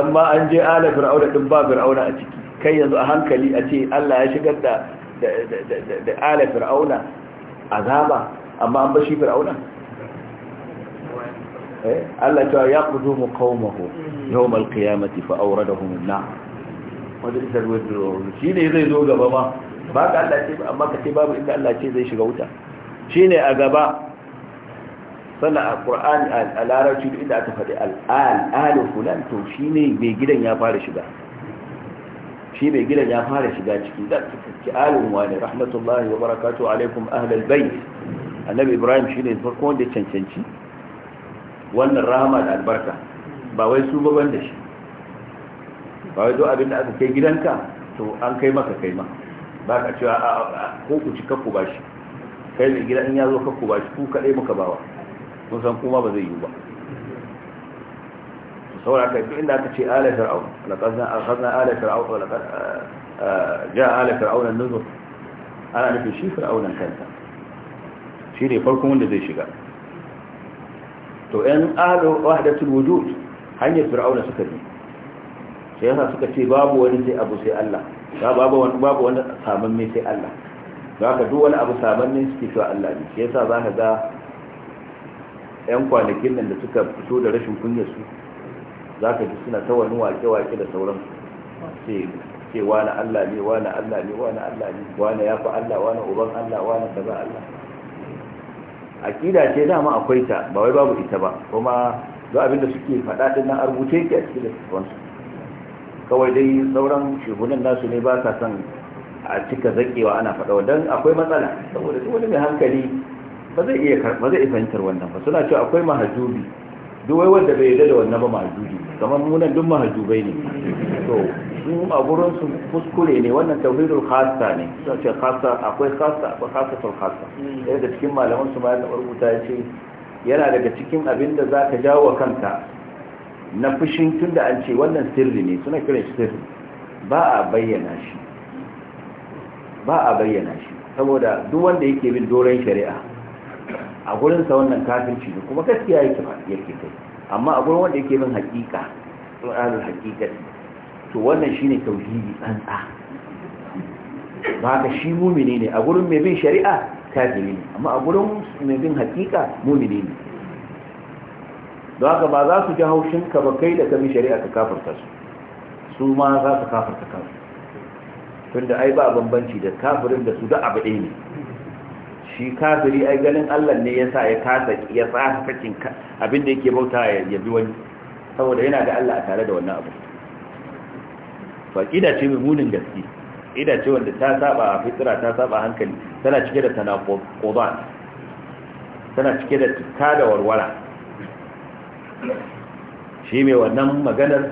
amma an je ala fir'auna din ba fir'auna a ciki kai yanzu a hankali a ce Allah ya shigar da da ala fir'auna azaba amma an bashi fir'auna eh Allah ta ya mu qaumahu yawm alqiyamati fa awradahum an-nar wanda isa shi ne zai zo gaba ma ba ka Allah ce amma ka ce babu inda Allah ce zai shiga wuta shine a gaba sannan alqur'ani Qur'ani inda aka fadi al-al fulan to shine mai gidan ya fara shiga shi mai gidan ya fara shiga ciki da ki alin wani rahmatullahi wa barakatu alaikum ahlal bait annabi ibrahim shine farko wanda ya cancanci wannan rahama da albarka ba wai su ba banda shi ba wai duk abin aka kai gidanka to an kai maka kai ma ba ka cewa ko ku ci kakku ba shi kai mai gidan in ya zo kakku ba shi ku kaɗai muka bawa mun san kuma ba zai yi ba saboda aka duk inda aka ce ala fir'aun laqad akhadna ala fir'aun laqad eh, eh, jaa ala fir'aun an-nuzur ana nufin shi fir'aunan kanta shi ne farkon wanda zai shiga to ɗan ahlu wahdatul wujud hanyar fir'auna suka bi sai yasa suka ce babu wani sai abu sai Allah babu wani saman mai sai Allah ka duk wani abu saman ne suke cewa Allah ne sai yasa ka ga yan kwanakin nan da suka fito da rashin kunyar su za ka ji suna ta wani wake-wake da sauran ce wani Allah ne wani Allah ne wani Allah ne wani ya fi Allah wani uban Allah wani za Allah aƙida ce dama akwai ta ba wai babu ita ba kuma zo abinda suke faɗa ɗin na a ke a cikin littattafansu kawai dai sauran shugunan nasu ne ba sa son a cika zaƙewa ana faɗa don akwai matsala saboda duk wani mai hankali ba zai iya fahimtar wannan ba suna cewa akwai mahajubi duk wai wanda bai yarda da wannan ba mahajubi kamar munan duk mahajubai ne to su a gurin su kuskure ne wannan tauhidul khassa ne su ce khassa akwai khassa akwai khassatul khassa ɗaya da cikin malaman su ma ya rubuta ya ce yana daga cikin abin da za jawo wa kanka na fushin tun da an ce wannan sirri ne suna kiran shi sirri ba a bayyana shi ba a bayyana shi saboda duk wanda yake bin doron shari'a a gurinsa wannan kafirci ne kuma gaskiya yake ba yake kai amma a gurin wanda yake bin haƙiƙa to alul haqiqati to wannan shine tauhidi tsantsa ba ka shi mumini ne a gurin mai bin shari'a kafiri ne amma a gurin mai bin haƙiƙa mumini ne don haka ba za su ji haushin ka ba kai da ka bi shari'a ka kafirta su su ma za su kafirta kansu tunda ai ba bambanci da kafirin da su da abu ɗaya ne shi kafiri ai ganin Allah ne yasa ya kasa ya tsaya sakin abin da yake bauta ya bi wani saboda yana da Allah a tare da wannan abu kida ce mai munin gaske ida ce wanda ta saba a fitira ta saba hankali tana cike da tanakoban tana cike da tuka da warwara shi mai wannan maganar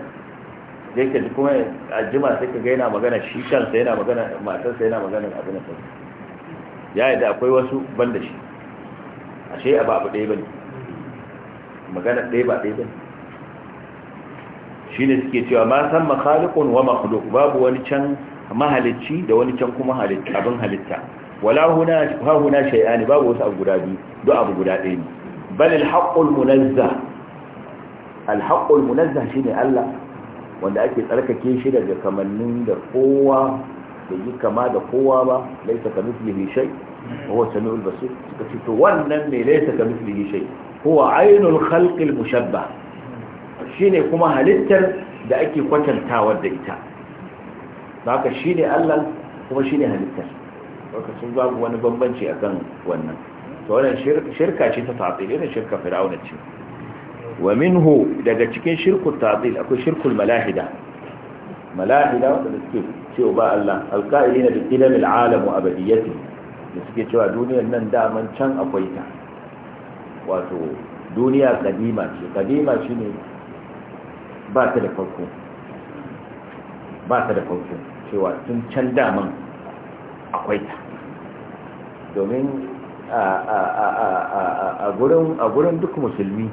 yake kuma a jima sai ka ga yana magana shi kansa yana magana matarsa yana magana abin da ya da akwai wasu ban da shi ashe ba abu ɗaya bane magana ɗaya ba ɗaya bane ne suke cewa ma san makhaliqun wa makhluq babu wani can mahalicci da wani can kuma abin halitta wala huna ha huna ne babu wasu abu guda biyu duk abu guda ɗaya ne balil al munazza. munazzah munazza shi ne Allah wanda ake tsarkake shi daga kamannin da kowa bai yi kama da kowa ba laisa ka mislihi shay huwa samiul basir suka ce to wannan ne laisa ka mislihi shay huwa ainul khalqi al shi ne kuma halittar da ake kwatantawa da ita haka ne allal kuma shi ne halittar lokacin babu wani bambanci kan wannan to wannan shirka ce ta ta'til irin shirka fir'auna ce wa minhu daga cikin shirku ta'til akwai shirkul malahida mala'ida wanda suke cewa ba Allah alqa'ilina bi qidamil alam wa abadiyati da suke cewa duniyar nan daman can akwai ta wato duniya kadima ce kadima shi ne ba ta da farko ba ta da farko cewa tun can daman akwai ta domin a gurin duk musulmi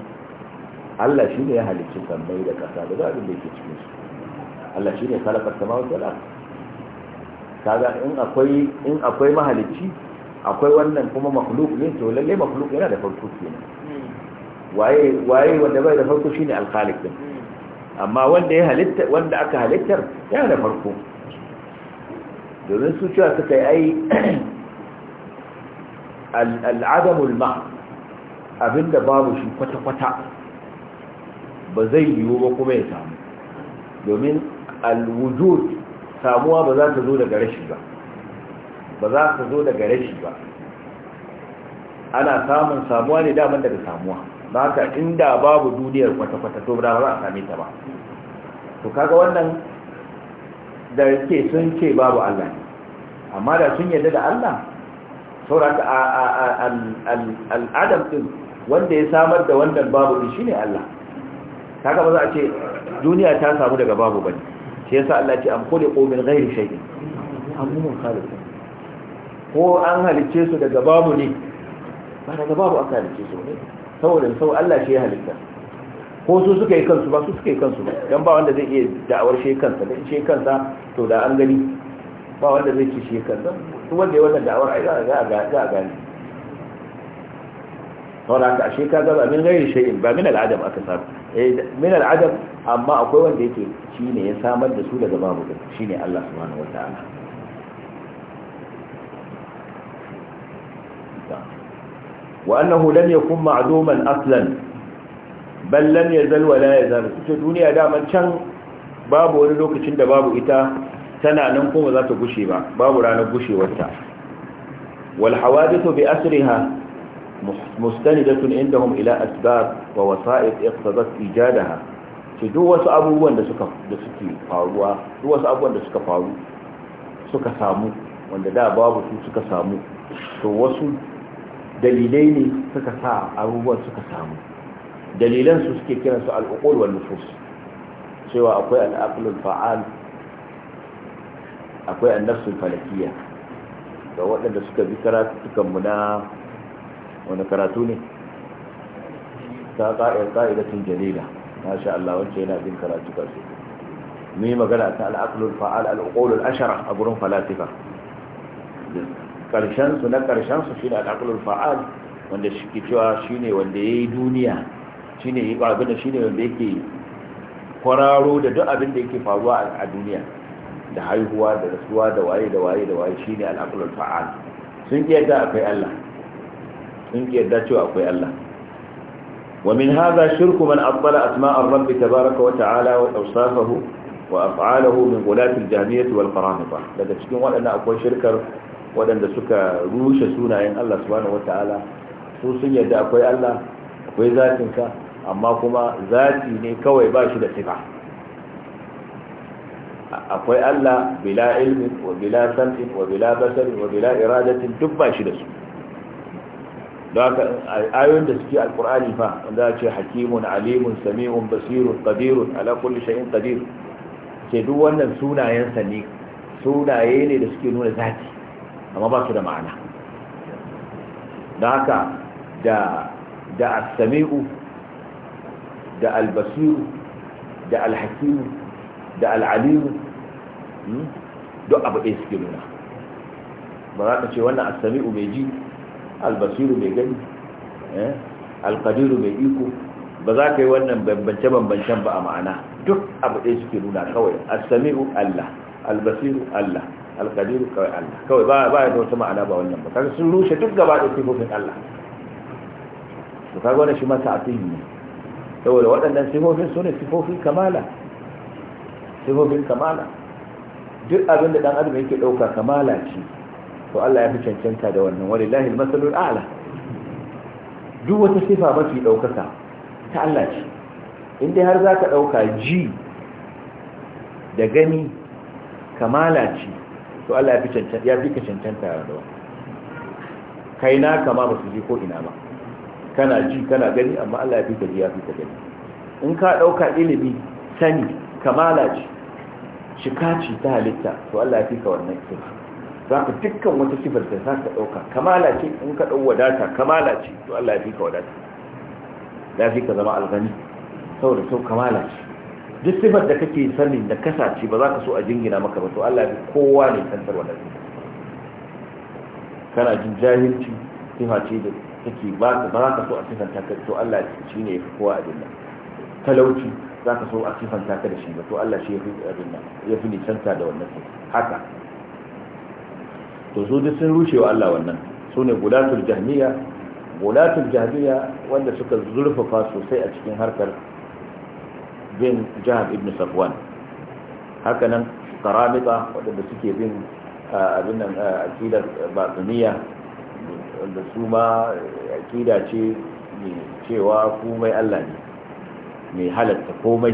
Allah shi ne ya halicci sammai da ƙasa da za abin da ke cikinsu Allah shi ne kalafar sama wata ala kaga in akwai mahalicci akwai wannan kuma makuluk, ne to lalle makhluk yana da farko kenan waye waye wanda bai da farko shi ne khaliq din amma wanda ya halitta wanda aka halittar yana da farko domin su cewa suka yi ai (clears throat) al'adamul ma abinda babu shi kwata-kwata ba zai yiwu ba kuma ya samu domin alwujud samuwa ba za ta zo daga rashi ba ba za ta zo daga rashi ba ana samun samuwa ne daman daga samuwa ba haka inda babu duniyar kwata-kwata to ba za a same ta ba to kaga wannan da ke sun ce babu Allah ne amma da sun yarda da Allah saurata al'adam din wanda ya samar da wannan babu shi ne Allah kaga ba za a ce duniya ta samu daga babu bane shi yasa Allah ce am ko min ghairi shay'in am hum khaliqun ko an halicce su daga babu ne ba daga babu aka halicce su ne saboda sau Allah shi ya halitta ko su suka yi kansu ba su suka yi kansu dan ba wanda zai iya da'awar shi kansa dan shi kansa to da an gani ba wanda zai ci shi kansa duk wanda ya wannan da'awar ai za a ga za a gani saboda haka ashe ka ga min gairi shi ba min al'adam aka samu eh min al'adam amma akwai wanda yake shine ya samar da su daga babu din shine Allah subhanahu wata'ala wa annahu lam yakun ma'duman aslan bal lam yazal wa la yazal ita duniya da man can babu wani lokacin da babu ita tana nan kuma za ta gushe ba babu ranar gushewarta wal hawadithu bi asriha mustanidatun indahum ila asbab wa wasa'id iqtadat ijadaha to duk wasu abubuwan da suke faruwa duk wasu abubuwan da suka faru suka samu wanda da babu su suka samu to wasu dalilai ne suka sa abubuwan suka samu dalilan su suke kiransu al'uqul wal nufus cewa akwai al'aqlul fa'al akwai annafsul falakiyya ga waɗanda suka bi karatukan mu na wani karatu ne ta ƙa'ir ƙa'idatun jalila masha Allah wacce yana bin karatu kasu mu yi magana ta al'aqlul fa'al al'uqulul ashara a gurin falasifa karshen su na karshen su shine al'aqlul fa'al wanda shi cewa shi ne wanda ya yi duniya shi ne yi abin da shi ne wanda yake kwararo da duk abin da yake faruwa a duniya da haihuwa da rasuwa da waye da waye da waye Shi ne al'aqlul fa'al sun iya da akwai Allah sun ki yadda cewa akwai Allah wa min hadha shirku man asma'a rabb tabaaraka wa ta'ala wa awsafahu wa min ghulat al-jahmiyyah wal qaramita daga cikin wadannan akwai shirkar wadanda suka rushe sunayen Allah subhanahu wa ta'ala su sun yadda akwai Allah akwai zatin ka amma kuma zati ne kawai ba shi da akwai Allah bila ilmi wa bila sam'in wa bila basarin wa bila iradatin duk ba shi da su da ayoyin da suke alkur'ani fa wanda ce hakimun alimun sami'un basirun qadirun ala kulli shay'in qadir ce duk wannan sunayen sa ne sunaye ne da suke nuna zati amma ba su da ma'ana da haka da da as-sami'u da al-basiru da al-hakimu da al-alimu hmm, duk abu ɗaya suke nuna ba za ka ce wannan as-sami'u mai ji albasiru mai gani eh, alkadiru mai iko ba za ka yi wannan bambance-bambancen ba a ma'ana duk abu ɗaya suke nuna kawai As-sami'u, Allah albasiru Allah alkadiru kawai Allah kawai ba ba da wata ma'ana ba wannan ba kaga sun rushe duk gaba da sifofin Allah to kaga wannan shi mata asiri ne saboda waɗannan sifofin su ne sifofin kamala sifofin kamala duk abin da dan adam yake ɗauka kamala ce to Allah ya fi cancanta da wannan wani lahil masalul a'la duk wata sifa mafi daukaka ta Allah ce in dai har ka dauka ji da gani kamala ce to Allah ya fi cancanta ya da wannan kai na kama ba su ji ko ina ba kana ji kana gani amma Allah ya fi ka ji ya fi ka gani in ka dauka ilimi sani kamala ce shika ce ta halitta to Allah ya fi ka wannan sifa za ka dukkan wata sifar da za ka ɗauka kamala ce in ka ɗau wadata kamala ce to Allah ya fi ka wadata ya fi ka zama algani saboda sau kamala ce duk sifar da kake sanin da kasa ce ba za ka so a jingina maka ba to Allah ya fi kowa ne kantar wadata kana jin jahilci sifa ce da take ba za ka so a sifanta ka to Allah shi ne ya fi kowa a dinna talauci za ka so a sifanta ka da shi ba to Allah shi ya fi nisanta da wannan haka to su duk sun rushe wa Allah wannan su ne gulatul jahmiya gulatul jahmiya wanda suka zurfafa sosai a cikin harkar bin jihar ibn safwan hakanan karamita waɗanda suke bin abin nan akidar batuniya wanda su ma akida ce cewa komai Allah ne mai halatta komai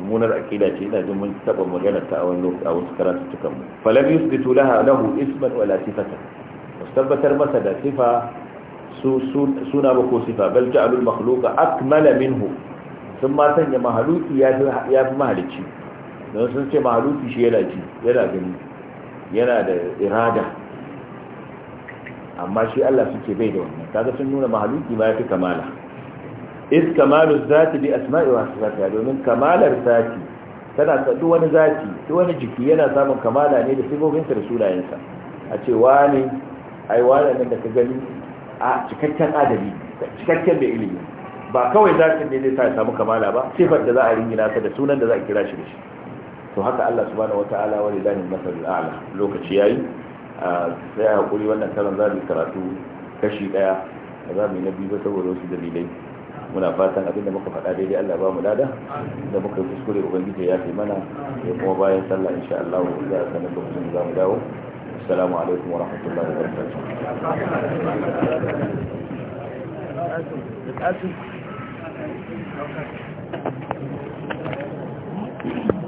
mummunar aqida ce ina jin mun taba magana ta a wani lokaci a wasu karatu tukan mu falam yusbitu laha lahu isman wala sifata mustabbatar masa da sifa suna ba ko sifa bal ja'alul makhluqa akmala minhu sun ma sanya mahaluki ya fi mahalicci don sun ce mahaluki shi yana ji yana gani yana da irada amma shi Allah suke bai da wannan kaga sun nuna mahaluki ma ya fi kamala is kamalu zati bi asma'i wa sifatiha domin kamalar zati tana duk wani zati wani jiki yana samun kamala ne da sifofinsa da sunayensa a ce wani ai wani nan da ka gani a cikakken adabi cikakken da ilimi ba kawai zatin ne zai sa ya samu kamala ba sifar da za a ringina sa da sunan da za a kira shi da shi to haka Allah subhanahu wataala wa lillahi al-masal al-a'la lokaci yayi sai a hakuri wannan karan za mu karatu kashi daya za mu yi na biyu saboda wasu dalilai muna fatan abinda muka faɗa daidai Allah ba mu lada da muka kuskure ubangiji ya fi mana ya kuma bayan sallah insha Allah za a sanar da mutum za mu dawo assalamu alaikum wa rahmatullahi wa barakatuh